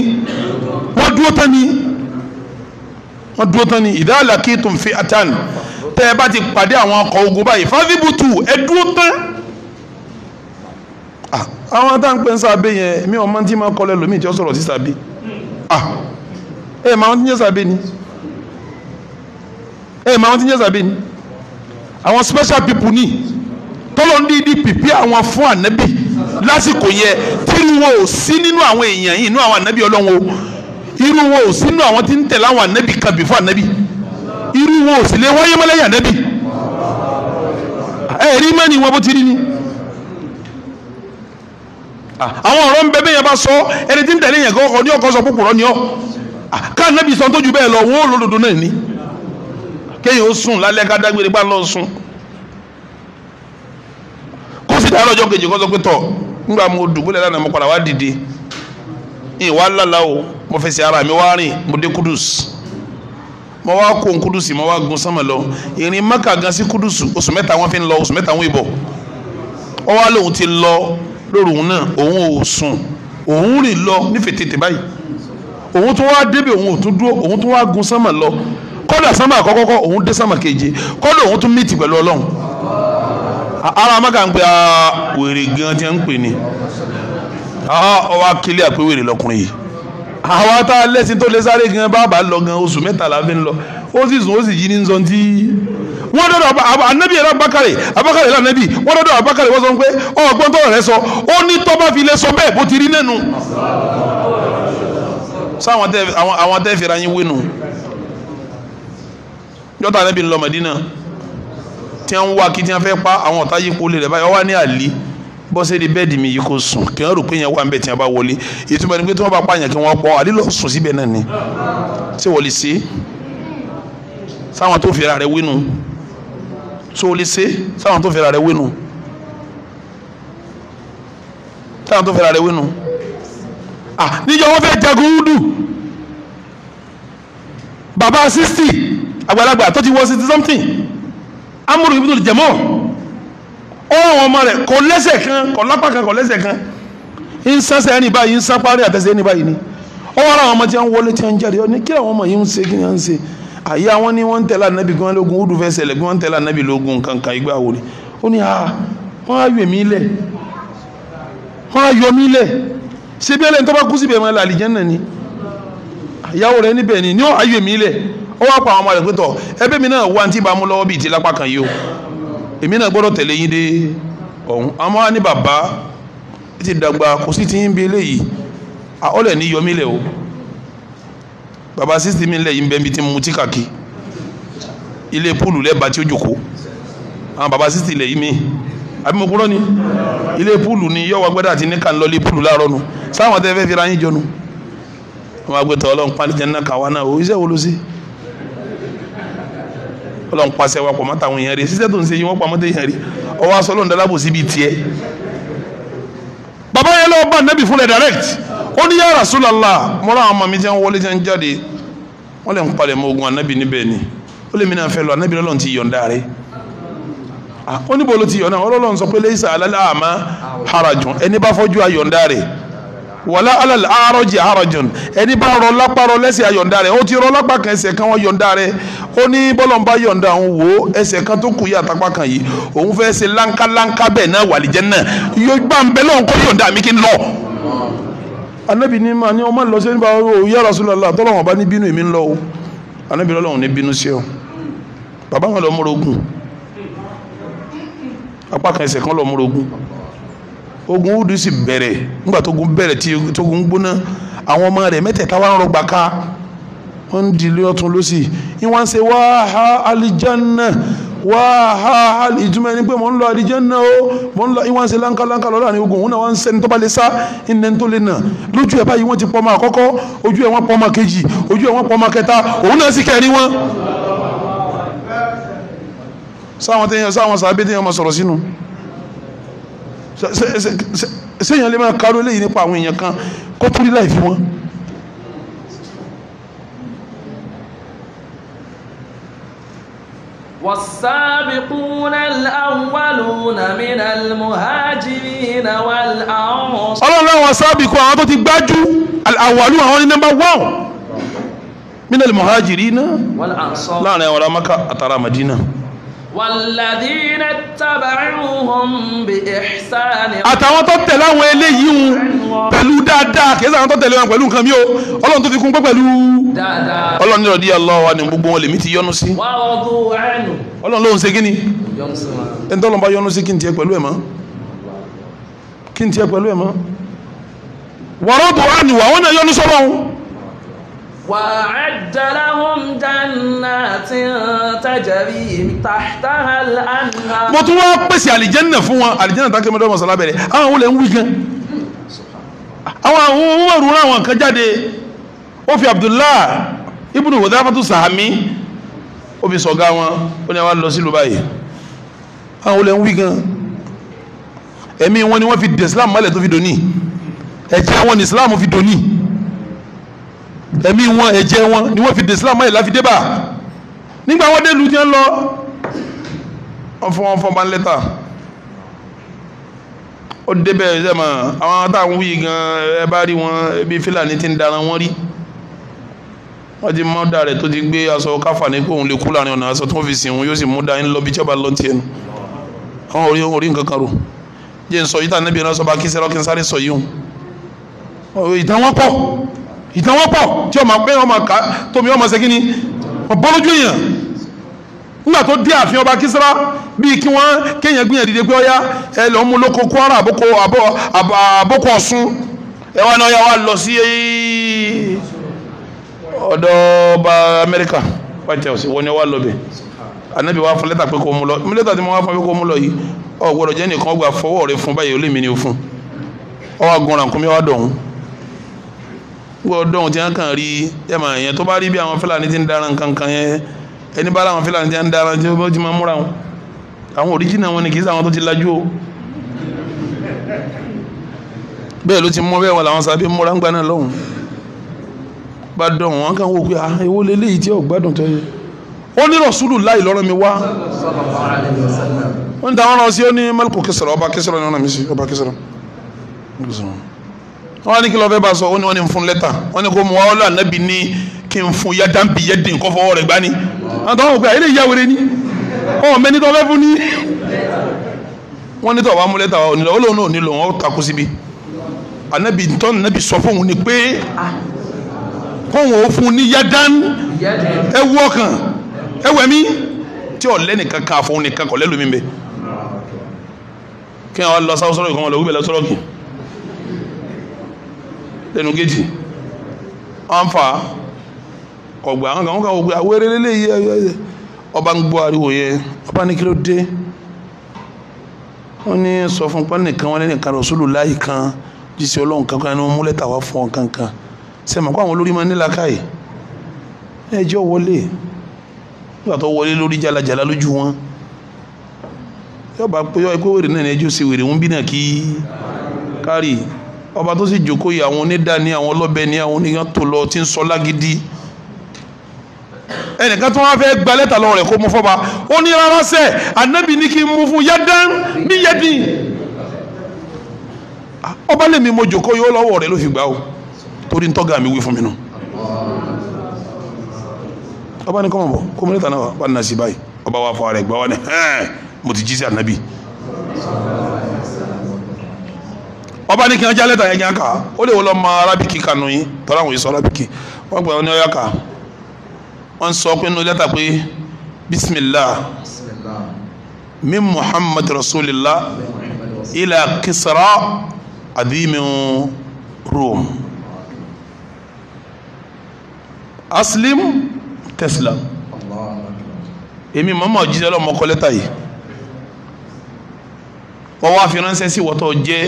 wọ́n dúró tán ni wọ́n dúró tán ni idha laqitum fi'atan tẹ́ ẹ bá ti pàdé àwọn ọkọ̀ ogun báyìí fadhibutu ẹ dúró tán àwọn tá ń pè ń sábẹ́ yẹn mi ò mọ tí máa kọlẹ̀ lómi tí ó sọ̀rọ̀ sí sábẹ́ ah ẹ ẹ̀ máa wọ́n ti ń jẹ́ sábẹ́ ni ẹ̀ máa wọ́n ti ń jẹ́ sábẹ́ ni àwọn special people ni tọ́lọ́ ní ìdí pìpì àwọn fún ànábì lásìkò yẹ tírú wo ò sí nínú àwọn èèyàn yìí nínú àwọn ànábì ọlọ́run o irú wo ò sí nínú àwọn tí ń tẹ̀lé àwọn ànábì kan bí fún ànábì irú wo sì lè wáyé mọ́lẹ́yìn ànábì ẹ̀ẹ́dì mẹ́ni wọn bó ti rí ni. Ah, àwọn ọ̀rọ̀ ń bẹ bẹ́ẹ̀ yẹn bá sọ ẹni tí ń tẹ̀lé yẹn kọ́kọ́ ní ọkọ̀ sọ púpùrọ̀ ni ọ́ ah, ká nàbì sọ tó ju bẹ́ẹ̀ lọ wọ́n olódodo náà ni kéèyàn ó sùn lálẹ́ ká dágbére gbá lọ sùn kó sì dáná ọjọ́ kejì kó sọ pé tọ̀ nígbà mo dùbúlẹ̀ lánàá mo padà wá dìde ìn wá lálá o mo fẹsẹ̀ ara mi wá rìn mo dé kudus mo wá kó kudus mo wá gun sánmà lọ ìrìn mẹ́ka gan sí kudus oṣù mẹ́ta wọn fi ń lọ oṣù mẹ́ta wọn ìbọ̀ lóru òun náà òun ò sùn òun rìn lọ nífẹ̀ẹ́ tètè báyìí òun tó wá débi òun ò tún dúró òun tó wá gun sánmà lọ kọ́dà sánmà àkọ́kọ́ òun dé sánmà keje kọ́dà òun tún mìtì pẹ̀lú ọlọ́run ara maka ń pe wèrè gan ti ń pè ní ọwọ́ akílẹ̀ àpéwèrè lọkùnrin yìí àwa tá a lẹ́sìn tó lé sáré gan bá a bá lọ gan oṣù mẹ́tàlá fi ń lọ. Ozi sì sùn ó sì jí ní nsọ anabi ẹ̀rọ abakari abakari ẹ̀rọ anabi wọ́n dọ́dọ̀ abakari wọ́n sọ pé ọ̀gbọ́n tọ́rọ̀ rẹ sọ ó ní tọ́ba fi lè sọ bẹ́ẹ̀ bó ti rí nẹ́nu sáwọn tẹ àwọn tẹ fìrà yín wínu jọta anabi ńlọ Madina tí wá kí tí wọ́n pa àwọn ọ̀tá yìí kó lè rẹ̀ báyìí ọwọ́ ní àlè bọ́sẹ̀ di mi yìí kò sùn kí wọ́n rò pé yẹn wà ń bẹ̀ tí wọ́n bá wọlé ìtumọ̀ ni pé tí wọ́n bá pààyàn kí wọ́n pọ̀ àlè síbẹ̀ náà ni ṣé wọ́n lè ṣe é sáwọn tó fìlà rẹ wínú so o lè ṣe sáwọn tó fìlà rẹ wínú sáwọn tó fìlà rẹ wínú ah níjọ wọn fẹ́ jagun udu baba sixty àgbàlagbà tó ti wọ sixty something amúrú ibi tó ti jẹ mọ́ ọ̀rọ̀ ọmọ rẹ̀ kò lẹ́sẹ̀ kan kò lápá kan kò lẹ́sẹ̀ kan ń sánsẹ́ ẹni báyìí ń sápá rẹ̀ àtẹ̀sẹ̀ ẹni báyìí ni ọwọ́ ara àwọn ọmọ tí wọlé tí wọ́n jáde ọ ní kí àwọn ọmọ yìí ń ṣe kí ni à ń ṣe àyè àwọn ni wọ́n ń tẹ̀lé ànábì gan lógun ó dùn fẹ́ ṣẹlẹ̀ bí wọ́n ń tẹ̀lé ànábì lógun kankan ìgbà wo ni ó ní àá wọ́n á yọ mí lẹ̀ wọ́n á yọ mí lẹ̀ ṣé bí ẹlẹ́ni tó bá kú síbẹ̀ máa lọ àlìjánnà ni àyàwó rẹ̀ níbẹ̀ ni ni ó á yọ mí lẹ̀ ó wá pa àwọn ọmọ rẹ̀ pé tọ̀ ẹbí mi náà wá ní tí bá mú lọ́wọ́ bíi ti lápá kan yìí o èmi náà gbọ́dọ̀ tẹ̀lé yín dé ọ̀hún àmọ́ ní bàbá ti dàgbà kò sí ti ń bi eléyìí àọ́lẹ̀ ní yọmí lẹ̀ o baba sísì mi lẹ yìí bẹ́ẹ̀ bí ti mutí kàkí ilé púùlù lẹ́ba tí ó jòkó baba sísì lẹ yìí mi àbí mo kúrọ́ ni ile pulu ni yọ̀wọ́ gbẹ́dọ̀ àti níkà ń lọ ilé púùlù láàárọ̀ nu sáwọn tẹ́ fẹ́ fi ra yín jọnu wọn agbẹ́tọ̀ ọlọ́run pálí jẹ́ náà káwa náà oníṣẹ́ wo ló sí ọlọ́run pàṣẹ wa pọ̀ mọ́tàwọn èèyàn rí ṣíṣẹ́ tó ń ṣe yín wọ́n pamọ́ téèyàn rí ọwọ́ aṣọ ọlọ́run dálábò síbi tiẹ̀ baba yẹn lọ́ọ́ bá nẹ́bì fúnlẹ̀ direct ó ní yá Rasulullah mọ́ra àwọn ọmọ mi jẹ́ ń wọlé jẹ́ ń jáde wọ́n lè ń palẹ̀ mọ́ ogun anabi níbẹ̀ ni ó lè mi náà fẹ́ lọ anabi lọ́lọ́run ti yọ̀ǹda rẹ̀ ó níbo ló ti yọ̀ǹda ọlọ́run sọ pé laysa alal a'ma harajun ẹni bá fọ́jú ayọ̀ǹda rẹ̀ wàlá alal arọ́jì arọ́jùn ẹni bá rọ lápá rọ lẹ́sẹ̀ ayọ̀ǹda rẹ̀ ó ti rọ lápá kan ẹsẹ̀ kan wọ́n yọ̀ǹda rẹ̀ ó ní bọ́lọ̀ ń bá yọ̀ǹda òun wò ó ẹsẹ̀ kan tó kù yà tápá kan yìí òun fẹ́ ṣe láńkáláńká bẹ́ẹ̀ náà wàlìjẹ́ náà yóò gbà ń bẹ́ lóun kó yọ̀ǹda mi kí n lọ anabi ni ma ni ọmọ lọ sí nípa o ya Rasulullah tọ́lọ́wọ́n bá ní bínú èmi ń lọ o anabi lọ́lọ́wọ́n ní bínú sí ọ bàbá wọn lọ múra ogun apá kan ẹsẹ̀ kan lọ múra ogun ogun udu sì bẹ̀rẹ̀ nígbà tógun bẹ̀rẹ̀ tógun gbóná àwọn ọmọ rẹ̀ mẹ́tẹ̀ẹ̀ta wà ń ká wọ́n ń dilé ọ̀tún lọ́sì ìwọ̀n alijanna wá ha ha ìtumọ̀ ni pé mò ń lọ àlìjánnà o mò ń lọ ìwọ̀n ṣe láńkàláńkà lọ́dọ̀ àní ogun òun náà wọ́n ń sẹ́ni tó bá lè sá ìnẹ́ tó lè nà lójú ẹ̀ báyìí wọ́n ti pọ́nmọ́ àkọ́kọ́ ojú ẹ̀ wọ́n pọ́nmọ́ kejì ojú ẹ̀ wọ́n pọ́nmọ́ kẹta òun náà sì kẹrin wọn. sáwọn tẹ́yìn sáwọn sàbí tẹ́yìn ọmọ sọ̀rọ̀ sínú sẹ́yìn lè máa káró léyìí nípa àwọn èèyàn kan kó tó ọlọ́run àwọn sábìkú àwọn tó ti gbájú àwàlú àwọn ní nọ́mbà wọ́n minal muhajirina láàrin àwọn ará Mákà àtàrà Madina wàlàdínà tàbàrùhùn bí ẹ̀sánì. àtàwọn tó tẹ̀lé àwọn eléyìí ń pẹ̀lú dáadáa kìí sàwọn tó tẹ̀lé wọn pẹ̀lú nǹkan mi o ọlọ́run tó fi kún pé pẹ̀lú. ọlọ́run ní ọ̀dí ọlọ́wà ni gbogbo wọn lèmi ti yọnu sí. ọlọ́run lóhùn ṣe kíni. ẹni tó lọ́n bá yọnu sí kí n tiẹ̀ pẹ̀lú ẹ̀ mọ́ kí n tiẹ̀ pẹ̀lú ẹ̀ mọ́ wọ́rọ́ bọ̀ wá ni wà wọ́n náà yọnu sọ́lọ́run. وأعد لهم جنات تجري من تحتها الأنهار mo tún wá pèsè àlìjẹ́nà fún wọn àlìjẹ́nà tá a kéwọ́n dọ́mọ̀ sọ́lá bẹ̀rẹ̀ àwọn olè ń wí gan àwọn àwọn ohun ẹ̀rù rán àwọn kan jáde ó fi Abdullah ibn Hudhafatu Sahami ó fi sọ̀gá wọn ó ní àwọn lọ sílùú báyìí àwọn olè ń wí gan ẹ̀mí wọn ni wọ́n fi dẹ̀ Islam mọ́lẹ̀ tó fi dòní ẹ̀jẹ̀ wọn ni Islam fi dòní ẹ̀mí wọn ẹ̀jẹ̀ wọn ni wọ́n fi dé Islam ayé láfi dé bá nígbà wọ́n dé lu tí wọ́n lọ wọ́n fún wọn fún ọba lẹ́tà ó débẹ̀ ẹ̀ sẹ́mọ̀ àwọn táwọn wí gan ẹ bá rí wọn bí Fúlàní ti ń dara wọn rí wọ́n ti mọ́ dà rẹ̀ tó ti gbé aṣọ káfà ní pé òun lè kú láàrin ọ̀nà aṣọ tó fi sìn òun yóò sì mú da ń lọ bí tíọ́ba lọ tiẹ̀ nù àwọn orí orí nǹkan kan rò jẹ́ ń sọ yìí tà níbi ìránṣọ́ bá kí sẹ́rọ́ kí n sáré sọ yìí hùn ìtàn wọn pọ̀ ìtàn wọn pọ̀ tí ọmọ pé ọmọ ká tómi ọmọ ṣe kíni ọ̀bọ lójú èèyàn nígbà tó dé ààfin ọba Kísírà bíi kí wọ́n kéèyàn gbìyànjú dìde pé ọyá ẹ lọ mú lóko Kwara àbókò Ọ̀ṣun ẹ wá náà yà wá lọ sí ọ̀dọ̀ ọba Amẹ́ríkà White House wọ́n ni wá lọ bẹ̀ anabi wa fún lẹ́tà pé kò mú lọ lẹ́tà tí mo wá fún pé kò mú lọ yìí ọ̀ jẹ́ nìkan gba fọwọ́ rẹ fún báyìí olèmi ni ó fún ọ wa gun nkúmi wa dọ̀hún wọ́n dọ̀hún tí wọ́n kàn rí ẹ̀ máa yẹn tó bá rí bí àwọn fúlàní ti ń dára nǹkan kan yẹn ẹni bá làwọn fúlàní ti ń dára tí wọ́n ti máa múra wọn àwọn òríjìnà wọn ni kì í sàwọn tó ti lajú o bẹ́ẹ̀ ló ti mú bẹ́ẹ̀ wọn làwọn sábẹ́ múra ń gbaná lọ́hùn bá dọ̀hún wọn kàn wò pé ah èwo lélẹ́yìí tí ò gbádùn tó yẹ wọ́n ní rọ̀ṣúlù láì lọ́rọ̀ mi wá wọ́n ní táwọn rọ̀ sí ó ní mẹ́lìkù kẹsàrọ̀ ọba kẹsàrọ̀ ni wọ́n rà sí ọba kẹsàrọ̀ wọ́n ní kí lọ́ọ́ fẹ́ bá sọ wọ́n ní fún lẹ́tà wọ́n ní kó mu wàhálà ànábì ní kí n fún yàtà ń bi yẹ́dì nǹkan fọwọ́ rẹ̀ gbani àtàwọn òpè àyè lè yá wèrè ni ọ̀ mẹ́ni tó fẹ́ fún ni wọ́n ní tó àwọn amúlẹ́tà wa onílò olóhùn náà onílò wọn takú síbi ànábì tó ànábì sọ fún òun ni pé kóhùn ó fún ní yádán ẹ wú ọkàn ẹ wẹ̀ tí ọ̀lẹ́ nìkan kan àfọwọ́n nìkan kọ̀lẹ́ lómi bẹ́ẹ̀ kí kí wọ́n lọ wíbẹ̀ sọ́rọ́ kì lẹ́nu géètì wọ́n fà á kọ̀gbà àwọn kan wọ́n kà wéré lélẹ̀ yìí ọba ń gbọ́ ariwo yẹn ọba ní kí ló dé wọ́n ní sọ fún pálí nìkan wọ́n lẹ́nìkan rọ̀ṣúlù láì kan jíṣẹ́ ọlọ́run kankan ni wọ́n mú lẹ́tà wá fún ọ kankan sẹ́mi kó àwọn olórí máa ń nílá káyìí ẹjọ́ wọlé nígbà tó wọlé lórí jalajala lójú wọn yọba pé yọ ẹgbẹ́ wèrè náà ni ẹjọ́ sí wèrè ń bí náà kí kárì ọba tó sì jòkó yìí àwọn onídàá ní àwọn ọlọ́bẹ ní àwọn oníkan tó lọ tí ń sọ lágídí ẹnìkan tó wọn fẹ́ gba lẹ́tà lọ́wọ́ rẹ̀ kó mú fọ́ba ó ní rárá sẹ́ ànábì ní kí n mú fún yádán bí yẹ́dì ọba lèmi mo jòkó yìí ó lọ́wọ́ rẹ̀ ló fi gbà ó torí ntọ́gà mi wí fún mi nù ọba ní kọ́mọ̀ bọ̀ kó mú lẹ́tà náà wà ní nasi báyìí ọba wa fọ ara ẹ̀ gbà wá ní mo ti jí sí ànábì ọba ní kí wọ́n já lẹ́tà yẹn yàn ká ó lè wọ́n lọ mọ arábìkì kanu yín tọ́lá àwọn yìí sọ arábìkì wọ́n gbà wọ́n ní ọ̀yà ká wọ́n sọ pé nínú lẹ́tà pé bismillah min muhammad rasulillah ila kisra adimin rum aslim teslam èmi mọ́mọ́ jíjẹ́ lọ́mọ lẹ́tà yìí wọ́n wá fi ránṣẹ́ sí wọ́tọ̀ jẹ́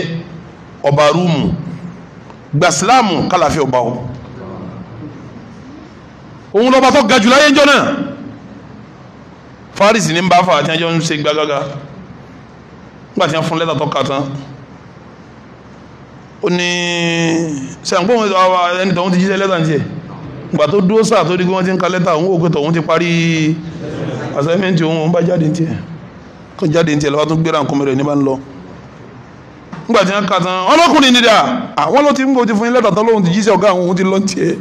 ọba rúùmù gbàsílámù kálàfin ọba o òun lọ́ba tó ga jù láyé jọ náà Fárísì ní bá fà àti ẹjọ́ ń ṣe gbágága nígbà tí wọ́n fún lẹ́tà tó ka tán ó ní sẹ́ǹgbọ́n ẹni tọ̀hún ti jíṣẹ́ lẹ́tà ń tiẹ̀ ìgbà tó dúró sáà tó dígbé wọ́n ti ń ka lẹ́tà òun òkè tọ̀hún ti parí assignment òun bá jáde ń tiẹ̀ kó jáde ń tiẹ̀ lọ́wọ́ tó gbéra nǹkan mẹ́rẹ̀ ní bá ń lọ nígbà tí wọ́n kà tán ọlọ́kùnrin nìdá àwọn ló ti ń bójú fún yín lẹ́tà tán lóhun ti jíṣẹ́ ọ̀gá àwọn ohun ti lọ́n tiẹ̀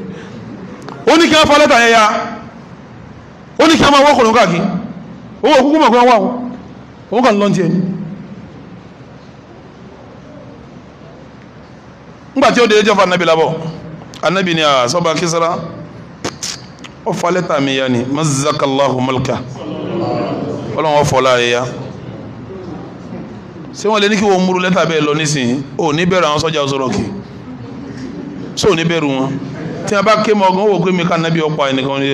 ó ní kí wọ́n fa lẹ́tà yẹn ya ó ní kí wọ́n máa wọ́kùnrin káàkiri owó òkúkú mọ̀ pé wọ́n wà ó òun kàn lọ́n tiẹ̀ nígbà tí ó dé jọ́fà anábì labọ̀ anábì ni àsọ́ba kísára ó fa lẹ́tà mi ya ni mazakallahu malka ọlọ́run ọ̀fọ̀ láàyè ya ṣé wọ́n lè ní kí wọ́n múru lẹ́tà bẹ́ẹ̀ lọ nísìnyí ò ní bẹ̀rù àwọn sọ́jà ọ̀sọ̀rọ̀ kì so ní bẹ̀rù wọn tí a bá ké mọ ọgán wò pé mi ká nábì ọ̀pọ̀ àìníkan ni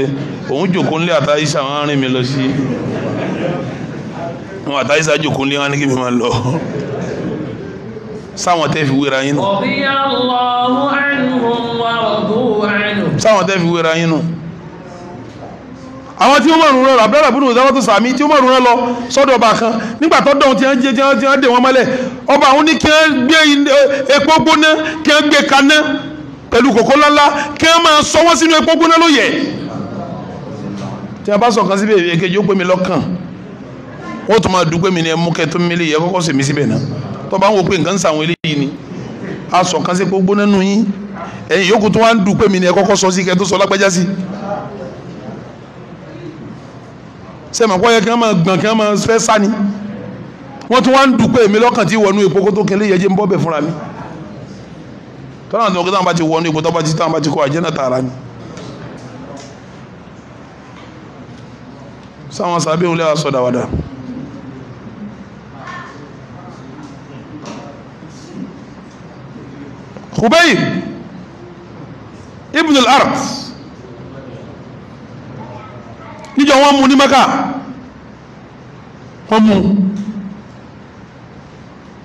òun jòkó nílé àtàyíṣà wọn rìn mí lọ sí wọn àtàyíṣà jòkó nílé wọn ní kí mi máa lọ sáwọn tẹ́ fi wéra yín nù sáwọn tẹ́ fi wéra yín àwọn tí ó mọ̀rún rán abdullahi abudu ìdáwọ́ tó sàmì tí ó mọ̀rún rán lọ sọ́dọ̀ ọba kan nígbà tó dọ̀hún tí wọ́n jẹ́ tí wọ́n dè wọ́n mọ́lẹ̀ ọba àwọn ní kí wọ́n gbé eh, epo gbóná kí wọ́n gbé kaná pẹ̀lú kòkó lọ́lá kí wọ́n máa sọ wọ́n sínú epo gbóná ló yẹ. tí wọ́n bá sọ kan síbẹ̀ èkejì ó pè mí lọ́kàn wọ́n tún máa dúpẹ́ mi ní ẹmú kẹ́tọ́ mílí yẹ kọ́kọ́ sèmi síbẹ̀ náà tó bá ń wo pé nǹkan ń sàwọn eléyìí ni a sọ kan sí epo gbóná nù yín ẹ̀yìn yòókù tó wá ń dúpẹ́ mi sẹ́mi àpọ̀ yẹ kí wọ́n máa gbọ̀n kí wọ́n sani wọ́n tún wá ń dùpẹ́ èmi lọ́kàn tí wọnú epo kó tó kẹlẹ́ yẹ jẹ́ ń bọ́ bẹ̀ fúnra mi tọ́lá àti ọ̀gá bá ti wọnú epo tọ́ba ti tán bá ti kọ́ àjẹ́nà tààrà ni. sáwọn sábẹ́ òun lẹ́wà sọ̀dà wàdà. Khubayb ibn al-Ard níjọ wọ́n mú ní mẹ́kà wọ́n mú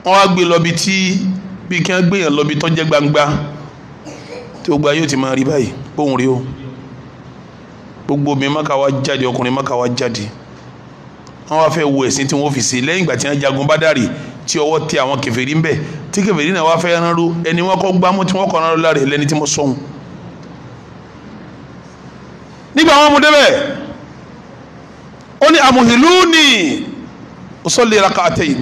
wọ́n wá gbé lọ́bi tí bí kí wọ́n gbé yàn lọ́bi tó jẹ́ gbangba tí ó gba yóò ti máa rí báyìí bóun rí o gbogbo obìnrin mẹ́kà wá jáde ọkùnrin mẹ́kà wá jáde wọ́n wá fẹ́ wo ẹ̀sìn tí wọ́n fi sí lẹ́yìn ìgbà tí wọ́n jagun bá dárì tí ọwọ́ tẹ àwọn kèfèrí ń bẹ̀ tí kèfèrí náà wá fẹ́ ránró ẹni wọ́n kọ́ gbámú tí wọ́n kọ́ ránró lára lẹ́ni tí mo sọ̀hún nígbà wọn mú débẹ̀ ó ní amuhiluni ó sọ lè raka àtẹ̀yìn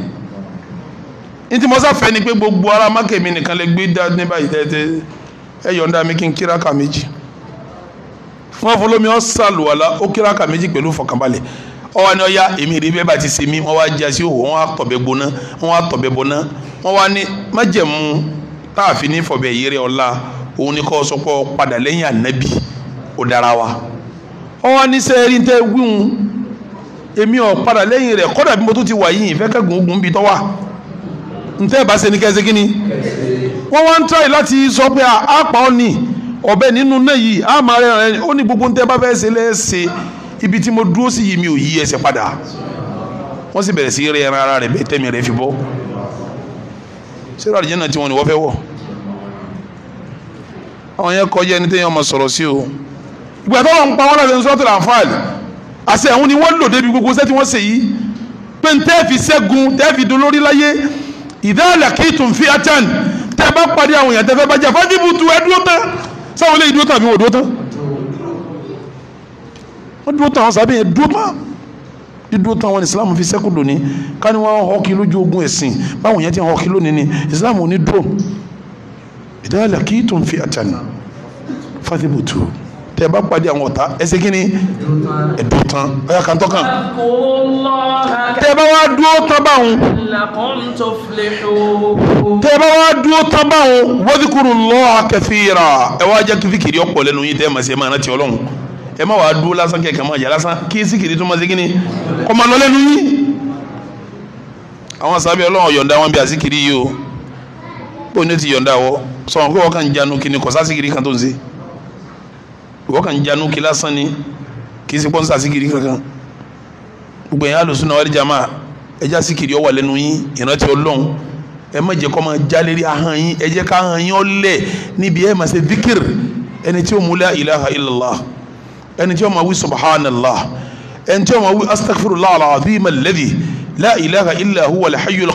ní tí mo sáfẹ́ ni pé gbogbo ara mákèmí nìkan lè gbé dá ní báyìí tẹ́tẹ́ ẹ yọ̀ǹda mi kí n kíra ka méjì fún ọfọlọ́mi ọ sàlùwàlà ó kíra ka méjì pẹ̀lú fọkànbalẹ̀ ọwọ́ ni ọya èmi rí bẹ́ẹ̀ bá ti ṣe mí wọ́n wá já sí òwò wọ́n wá tọ̀bẹ̀ gbóná wọ́n wá tọ̀bẹ̀ gbóná wọ́n wá ní májẹ̀mú táàfin ní fọ̀bẹ̀ yẹrẹ ọ̀la òun ni kọ́ sọ́kọ́ padà lẹ́yìn ànábì ó ọwọ́ ní sẹ́ẹ̀rí tẹ́ wíhun èmi ò padà lẹ́yìn rẹ̀ kọ́dà bí mo tún ti wà yìí ìfẹ́ kẹ́gùn ogun bí tọ́wà ntẹ́ bá ṣe ní kẹ́sẹ́ kí ni wọ́n wá ń tọ́yì láti sọ pé àpá ọ ní ọ̀bẹ nínú náà yìí a máa rẹ̀ rẹ̀ ó ní gbogbo ntẹ́ bá fẹ́ ṣe lẹ́ẹ̀ṣẹ̀ ibi tí mo dúró sí yìí mi ò yí ẹsẹ̀ padà wọ́n sì bẹ̀rẹ̀ sí rẹ̀ ẹran ara rẹ̀ bẹ́ẹ̀ tẹ́mi rẹ̀ fi bọ́ sẹ́rọ̀ àdìjẹ́nà tí wọ́n ní wọ́n fẹ́ wọ̀ àṣẹ àwọn ni wọ́n lò débi gbogbo sẹ́tí wọ́n ṣe yìí pé n tẹ́ẹ̀fì ṣẹ́gun tẹ́ẹ̀fì dolórí láyé ìdáàlà kí tùn fi àtàn tẹ́ẹ̀ bá parí àwọn èèyàn tẹ́fẹ́ bá jà fájìbù tu ẹ dúró tán sáwọn eléyìí dúró tán àbí wọn dúró tán wọn dúró tán àwọn sábẹ́ yẹn dúró tán dídúró tán àwọn ìsìlámù fi ṣẹ́kù lónìí ká ní wọ́n họ́kí lójú ogun ẹ̀sìn báwọn yẹn ti họ́kí lónìí ni ìsìlámù ò ní dúró ìdáàlà kí tùn fi àtàn fájìbù tu tẹ bá pàdé àwọn ọ̀tá ẹsẹ̀ kí ni ẹ̀dùn tán ọ̀yà kan tọ́ kan tẹ bá wá dúró tán báwọn tẹ bá wá dúró tán báwọn wọ́dìkúrú lọ́wọ́ kẹfìrà ẹ wá jẹ́ kí fìkìrì ọ̀pọ̀ lẹ́nu yín tẹ́ ẹ mà sí ẹ máa rántí ọlọ́run ẹ má wàá dúró lásán kẹ̀kẹ́ máa yà lásán kí síkìrì tó máa ṣe kí ni kọ́ máa lọ lẹ́nu yín àwọn sábẹ́ ọlọ́run yọ̀ǹda wọn bí àsìkiri yìí o bóun ní ti yọ̀ǹda wọ sọ̀rọ̀ pé wọ́n kàn ń janu kí ni kọ̀ sásìkiri kan tó ń ṣe ìwọ kàn janu kí lásán ni kì í ṣe pọ́nsá síkiri kankan gbogbo yẹn alùsùn náà wal jamaa ẹja síkiri ọwà lẹ́nu yín ìrántí ọlọ́run ẹ má jẹ́ kó máa já lérí ahọ́n yín ẹ ká ahọ́n yín ọlẹ̀ níbi ẹ máa ṣe díkìr ẹni tí ó mú la ilaha illallah ẹni tí ó máa wí subhanallah ẹni tí ó máa wí astaghfirullah al-azim la ilaha illa huwa al-hayyul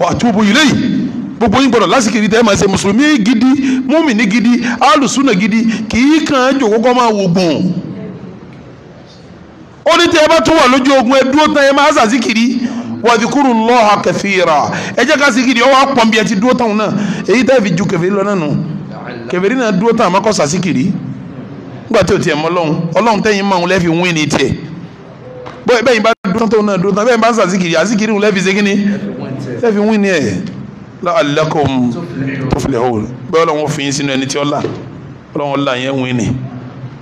wa atubu ilayhi gbogbo yín gbọ́dọ̀ lásìkiri tẹ́ ẹ máa ṣe mùsùlùmí gidi múmìnì gidi alùsùnà gidi kì í kàn án jòkó kọ́ máa wògùn ó ní tí ẹ bá tún wà lójú ogun ẹ dúró tán ẹ máa ṣàṣìkiri wàdìkúrú lọ́ha kẹfìrà ẹ jẹ́ ká síkiri ọwọ́ pọ̀nbi ẹ ti dúró tán náà èyí tẹ́ fi ju kẹfìrí lọ náà nù kẹfìrí náà dúró tán àmọ́ kọ́ ṣàṣìkiri nígbà tí o tiẹ̀ mọ́ ọlọ́run ọlọ́run tẹ́yìn máa ń lẹ́fi wín ní tiẹ̀ bẹ́ẹ̀ bá dúró tán tó náà dúró tán bẹ́ẹ̀ bá ṣàṣìkiri àṣìkiri ń lẹ́fi ṣe kíni lẹ́fi wín ní ẹ̀ la'allakum tuflihun bẹ́ẹ̀ lọ́wọ́ fi yín sínú ẹni tí ó là ọlọ́wọ́ là yẹn wín ni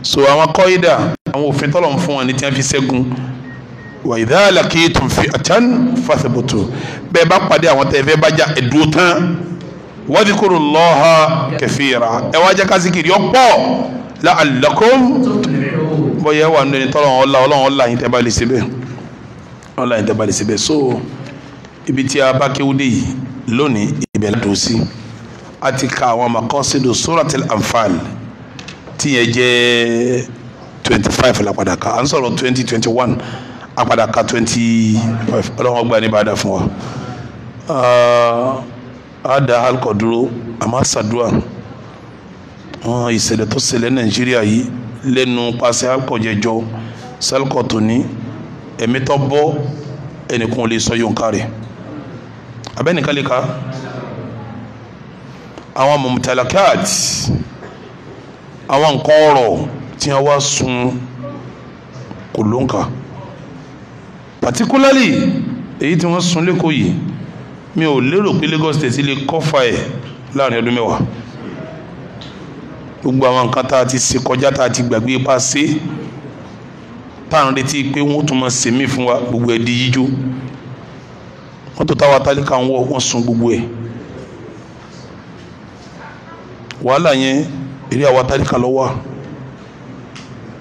so àwọn kọ́ídà àwọn òfin tọ́lọ̀ ń fún wọn ní tí wọ́n fi ṣẹ́gun wa idha laqitum fi'atan fathbutu bẹ́ẹ̀ bá pàdé àwọn tẹ́ ẹ fẹ́ bá já ẹ̀dúró tán wadhkurullaha kathira ẹ wá jẹ́ ká zikiri ọ̀pọ̀ la'allakum bọ́yẹ̀ wà nínú ẹni tọ́lọ̀ ọ̀la ọlọ́wọ́ ọ̀la yín tẹ́ bá lè síbẹ̀ ọ̀la yín tẹ́ bá lè síbẹ̀ so ibi tí a bá kéwúdé yìí lónìí ibẹ̀ la dùn sí a ti ka àwọn makọ́sídò suratul anfal tí yẹn jẹ́ twenty five la padà ka à ń sọ̀rọ̀ twenty twenty one a padà ka twenty five ọlọ́wọ́n gba ní bàdà fún wa ah, a da alukọ dúró a máa ṣàdúrà ìṣẹ̀lẹ̀ tó ṣẹlẹ̀ nàìjíríà yìí lẹ́nu pàṣẹ alukọ jẹjọ sálùkọ tòní ẹ̀mí bọ́ ẹnìkan lè sọ yóò ń kárẹ̀ abẹ́nìkan lè ka àwọn mọ̀mútàlákàt àwọn nǹkan ọ̀rọ̀ tí wọ́n wá sun kò ló ń kà particularly èyí tí wọ́n sun lẹ́kọ̀ọ́ yìí mi ò lérò pé Lagos State lè kọ́fà ẹ̀ láàrin ọdún mẹ́wàá gbogbo àwọn nǹkan tá a ti ṣe kọjá tá a ti gbàgbé pa ṣe tá à ń retí pé wọ́n tún máa ṣèmí fún wa gbogbo ẹ̀ di yíjú mọ́tò táwa tálíkà ń wọ wọ́n sun gbogbo ẹ̀ wàhálà yẹn eré àwa tálíkà ló wà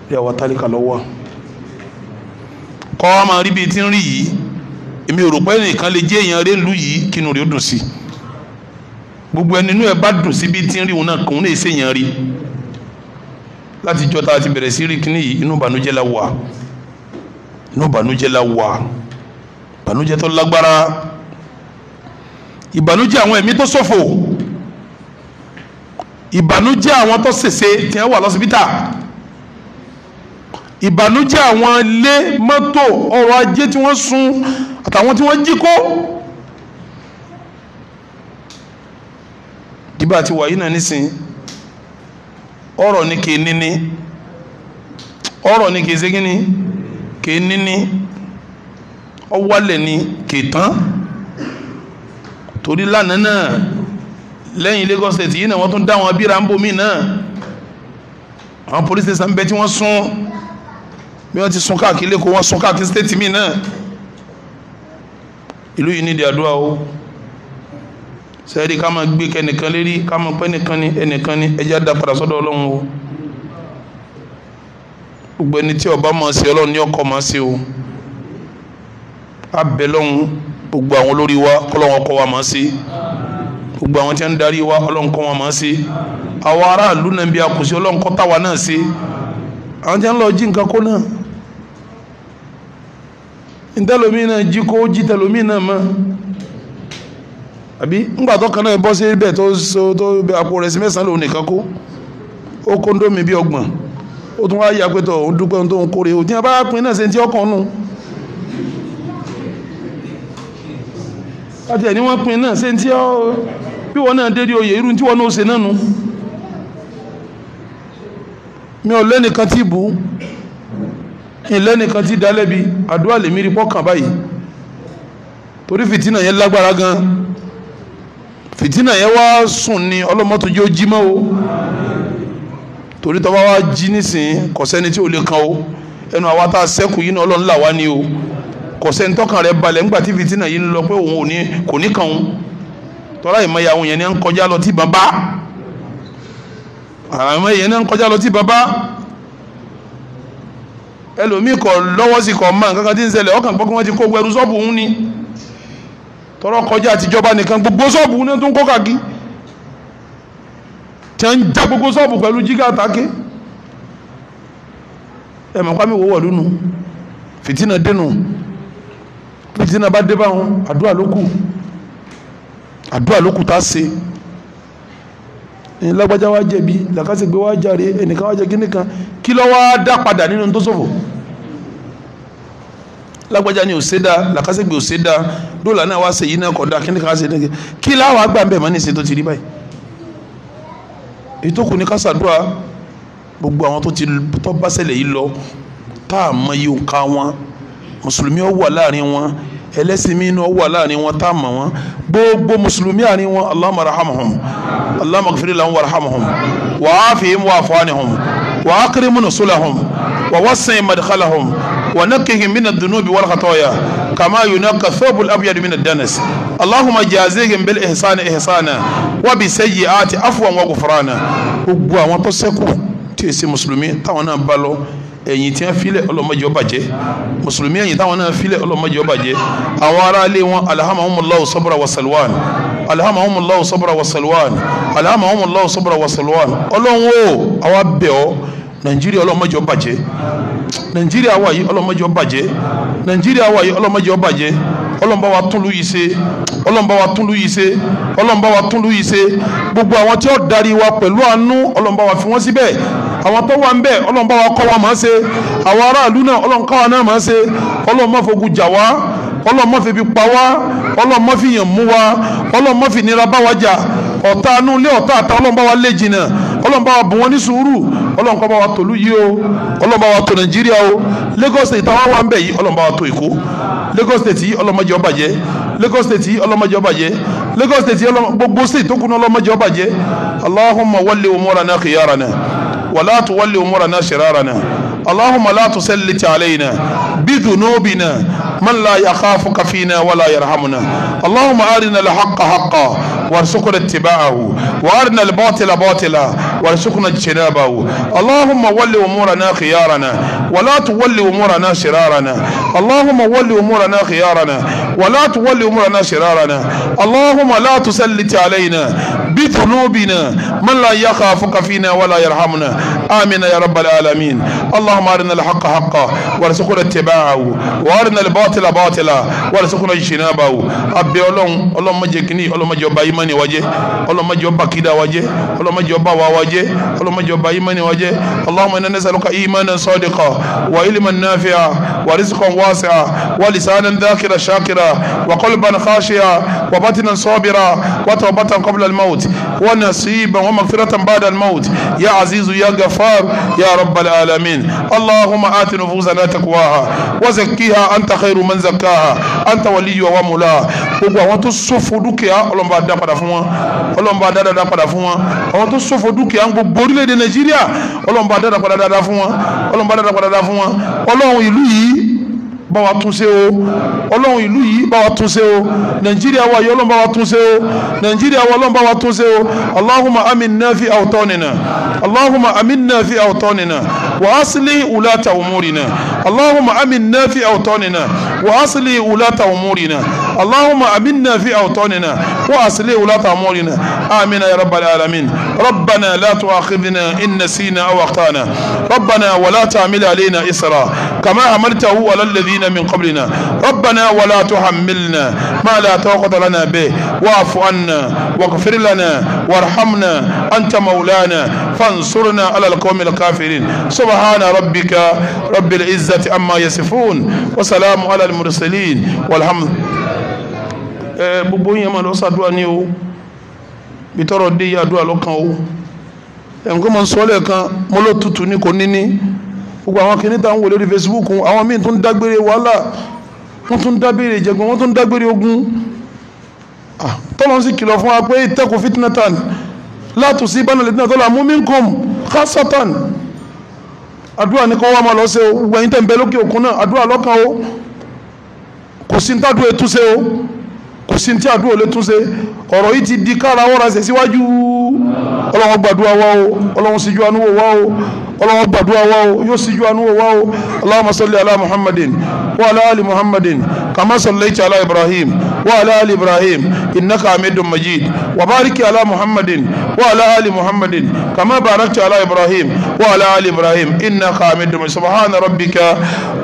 eré àwa tálíkà ló wà kọ́ wa máa rí bíi tí ń rí yìí èmi ò rò pé nìkan lè jẹ́ èèyàn rélu yìí kí inú rẹ̀ ó dùn sí gbogbo ẹni inú ẹ bá dùn sí bíi tí ń rí òun náà kòun náà ṣe èèyàn rí láti jọ tá a ti bẹ̀rẹ̀ sí rí kíní yìí inú ìbànújẹ́ la wà inú ìbànújẹ́ la wà ìbànújẹ́ tó lágbára ìbànújẹ́ àwọn ẹ̀mí tó ṣòfò ìbànújẹ́ àwọn tó ṣèṣe tí wọ́n wà lọ́sibítà ìbànújẹ́ àwọn ilé mọ́tò ọrọ̀ ajé tí wọ́n sun àtàwọn tí wọ́n jí kó dìbà tí wàyí náà nísìn ọ̀rọ̀ ni kì í níní ọ̀rọ̀ ni kì í ṣe kí ni kì í níní ọwọ́lẹ̀ ni kẹtàn torí lánàá náà lẹ́yìn Lagos State yìí náà wọ́n tún dá wọn bíra ń bomi náà àwọn police station bẹ́ẹ̀ tí wọ́n sún bí wọ́n ti sún káàkiri lẹ́kọ̀ọ́ wọ́n sún káàkiri state mi náà ìlú yìí nídìí àdúrà o sẹ́ẹ̀rí ká máa gbé kẹ́nìkan lérí ká máa pẹ́ nìkan ní ẹnìkan ní ẹjẹ́ dá padà sọ́dọ̀ ọlọ́run o gbogbo ẹni tí ọba máa ṣe ọlọ́run ní ọkọ̀ máa ṣe o. abẹ́lọ́hún gbogbo àwọn olórí wa kọ́ ṣe gbogbo àwọn tí wọ́n ń darí wa kọ́ wa àwọn aráàlú náà bí akùsí ọlọ́run kọ́ ṣe àwọn tí wọ́n lọ jí nǹkan kó náà ntẹ́lómi náà jí kó jí tẹ́lómi náà mọ́ àbí ńgbà tó kan náà bọ́ sí tó tó àpò rẹ̀ sí láti ẹni wọ́n pin náà ṣe tí ó bí wọ́n náà dédé oyè irú tí wọ́n náà ṣe náà nu mi ò lẹ́nìkan tí bù ú lẹ́nìkan ti dálẹ́bi àdúrà lèmi rí pọ́kàn báyìí torí fìtínà yẹn lágbára gan fìtínà yẹn wá sùn ni ọlọ́mọ́tò yóò jí mọ́ o torí tọ́ba wá jí nísìnyí kọ̀sẹ́ni tí ò lè kan o ẹnu àwa tá a sẹ́kù yìí náà ọlọ́run là o. kọ̀sẹ́ ntọ́kàn rẹ̀ balẹ̀ ńgbà tí fìtínà yìí ń lọ pé òun kò ní kàn òun tọ́lá ìmọ̀ye àwọn yẹn ní ń kọjá lọ tí bàbá àwọn ìmọ̀ye yẹn ní ń kọjá lọ tí bàbá ẹlòmíì kọ̀ lọ́wọ́ sí kọ̀ máa nǹkan kan tí ń ṣẹlẹ̀ ọkàn pọ́kí wọ́n ti kó gbẹrú ṣọ́ọ̀bù òun ni tọ́rọ kọjá àtijọba nìkan gbogbo ṣọ́ọ̀bù òun tó ń kó kàkí tí ń já gbogbo ṣọ́ọ̀bù pẹ̀lú jígà àtàkì ẹ̀mọ̀pá mi wọ́wọ́ lónú fìtínà dénú bí jìnnà bá dé báwọn àdúrà ló kù àdúrà ló kù tá a ṣe ẹni lágbájá wa jẹ̀bi làkàṣègbè wa jàre ẹnìkan wa jẹ kíní kan kí ló wá dá padà nínú tó ṣòfò lágbájá ni ò ṣe dá làkàṣègbè ò ṣe dá dóòlà náà wá ṣe yìí náà kọ̀ọ̀dá kíní kan ṣe nìkan kí láwọn àgbà ń bẹ̀ mọ́ ní ìṣe tó ti rí báyìí èyí kù ní kásádùá gbogbo àwọn tó ti tọ́ bá ṣẹlẹ̀ yìí lọ tá a mọ iye òǹkà wọn mùsùlùmí ó wà láàrin wọn ẹlẹ́sìn mi ó wà láàrin wọn tá a mọ̀ wọn gbogbo mùsùlùmí àárín wọn allahumma rahamahum allahumma ghfir lahum warhamhum wa afihim wa afanihum wa akrim nusulahum wa wasi' madkhalahum wa nakkihim min ad-dunubi wal khataaya كما ينقى الثوب الابيض من الدنس اللهم جازيهم بالاحسان احسانا وبسيئات عفوا وغفرانا gbogbo àwọn tó ṣẹ́kù tí èsì mùsùlùmí táwọn náà bá lọ ẹ̀yìn tí wọ́n filẹ̀ ọlọ́mọdé ó bàjẹ́ mùsùlùmí ẹ̀yìn táwọn náà filẹ̀ ọlọ́mọdé ó bàjẹ́ àwọn aráalé wọn alhamdulilayi sabra wa salwan alhamdulilayi sabra wa salwan alhamdulilayi sabra wa salwan ọlọ́run o àwa bẹ̀ ọ́ nàìjíríà ọlọ́mọdé ó bàjẹ́ nàìjíríà wa yìí ọlọ́mọdé ó bàjẹ́ nàìjíríà wa yìí ọlọ́mọdé ó bàjẹ́ ọlọ́mọba yìí ṣe ọlọ́mọba wa yìí ṣe ọlọ́mọba wa yìí ṣe gbogbo àwọn tí ó darí wa pẹ̀lú àánú ọlọ́mọba fi wọ́n síbẹ̀ àwọn tó wà ń bẹ ọlọ́run bá wa kọ́ wa máa ṣe àwọn aráàlú náà ọlọ́run káwa náà máa ṣe ọlọ́run má fogun jà wá ọlọ́run má fi bi pa wá ọlọ́run má fi yàn mú wa ọlọ́run má fi nira bá wa jà ọ̀tá inú ilé ọ̀tá àtà ọlọ́run bá wa lé jìnnà ọlọ́run bá wa bùn wọn ní sùúrù ọlọ́run kó bá wa tòlú yìí o ọlọ́run bá wa tò nàìjíríà o lagos state táwọn wà ń bẹ̀ yìí ọlọ́run bá wa tò èkó lagos state yìí ọlọ́run má jẹ́ ó bàjẹ́ lagos state yìí ọlọ́run má jẹ́ ó bàjẹ́ lagos state yìí gbogbo state tó kún ọlọ́run má jẹ́ ó bàjẹ́ allahumma wali umurana khiyarana. ولا تولي أمورنا شرارنا اللهم لا تسلط علينا بذنوبنا من لا يخافك فينا ولا يرحمنا اللهم أرنا الحق حقا وارزقنا اتباعه وأرنا الباطل باطلا وارزقنا اجتنابه اللهم ول أمورنا خيارنا ولا تول أمورنا شرارنا اللهم ول أمورنا خيارنا ولا تول أمورنا شرارنا اللهم لا تسلط علينا بذنوبنا من لا يخافك فينا ولا يرحمنا آمين يا رب العالمين اللهم أرنا الحق حقا وارزقنا اتباعه وأرنا الباطل باطلا وارزقنا اجتنابه أبي ọlọ́run ọlọ́run má jẹ́ kínní ọlọ́run má jẹ́ ọba imani wa jẹ́ ọlọ́run má jẹ́ ọba kida wa jẹ́ ọlọ́run má jẹ́ ọba wa wa jẹ́ jẹ́ ọlọ́mọdé ọba ìmánì wa jẹ́ Allahumma inna nas'aluka imanan sadiqa wa ilman nafi'a wa rizqan wasi'a wa lisanan dhakira shakira wa qalban khashi'a wa batinan sabira wa tawbatan qabla al-maut wa nasiban wa maghfiratan ba'da al-maut ya azizu ya ghafar ya rabbal alamin Allahumma ati nufusana taqwaha wa zakkiha anta khayru man zakkaha anta waliyuha wa mulaha gbogbo àwọn tó ṣòfò dúkìá ọlọ́mọba dá padà fún wọn ọlọ́mọba dá dáadáa padà fún wọn àwọn tó ṣòfò dúkìá gbogbo orílẹ̀-èdè nàìjíríà ọlọ́mọba dá dáadáa padà dáadáa fún wọn ọlọ́mọba dá dáadáa padà dáadáa fún wọn ọlọ́run ìlú yìí bá wa tún ṣe o ọlọ́run ìlú yìí bá wa tún ṣe o nàìjíríà wa yìí ọlọ́run bá wa tún ṣe o nàìjíríà wa ọlọ́run bá wa tún ṣe o allahumma aminna fi awtanina allahumma aminna fi awtanina wa asli ulata umurina allahumma aminna fi awtanina wa asli ulata umurina allahumma aminna fi awtanina wa asli ulata umurina آمين يا رب العالمين ربنا لا تؤاخذنا إن نسينا أو أخطأنا ربنا ولا تعمل علينا إسرا كما عملته على الذي الذين من قبلنا ربنا ولا تحملنا ما لا طاقة لنا به واعف عنا واغفر لنا وارحمنا أنت مولانا فانصرنا على القوم الكافرين سبحان ربك رب العزة عما يصفون وسلام على المرسلين والحمد gbogbo yẹn máa lọ sàdúrà ní o bitọrọ dé yàdúrà lọkàn o ẹnìkan máa ń sọ ọ lẹ́ẹ̀kan gbogbo àwọn kìíní tá ń wò lórí Facebook àwọn míì tún dágbére wàhálà wọ́n tún dágbére ìjẹ̀gbọ́n wọ́n tún dágbére ogun tọ́lọ́n sì kìlọ̀ fún wa pé ìtẹ́kù fitnatan látùsí bánilẹ̀dínà tọ́lá múmínkùn kásátán àdúrà ní kọ́ wá máa lọ sí o wẹ̀yìn tẹ̀ ń bẹ lókè òkun náà àdúrà lọ́kàn o kò sí tá àdúrà ètúnṣe o kò sí tí àdúrà lè túnṣe ọ̀rọ̀ yìí ti di kára wọ́ra ṣe síwájú ọlọ́wọ́ gbàdúrà wa o ọlọ́wọ́ sì yọ àánú wò wá o ọlọ́wọ́ gbàdúrà wa o yóò sì yọ àánú wò wá o Allahumma salli ala muhammadin wa ala ali muhammadin kama sallaita ala ibrahim wa ala ali ibrahim innaka hamidun majid wa bariki ala muhammadin wa ala muhammadin kama barakta ala ibrahim wa ala ibrahim innaka hamidun majid subhana rabbika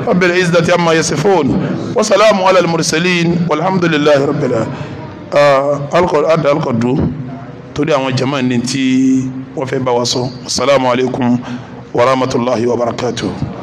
rabbil izzati amma yasifun wa salamu ala al mursalin walhamdulillahi rabbil alamin alqad ad alqad torí àwọn jama ní tí wọ́n fẹ́ bá wa sọ assalamu alaikum wa rahmatulahi wa barakatuh.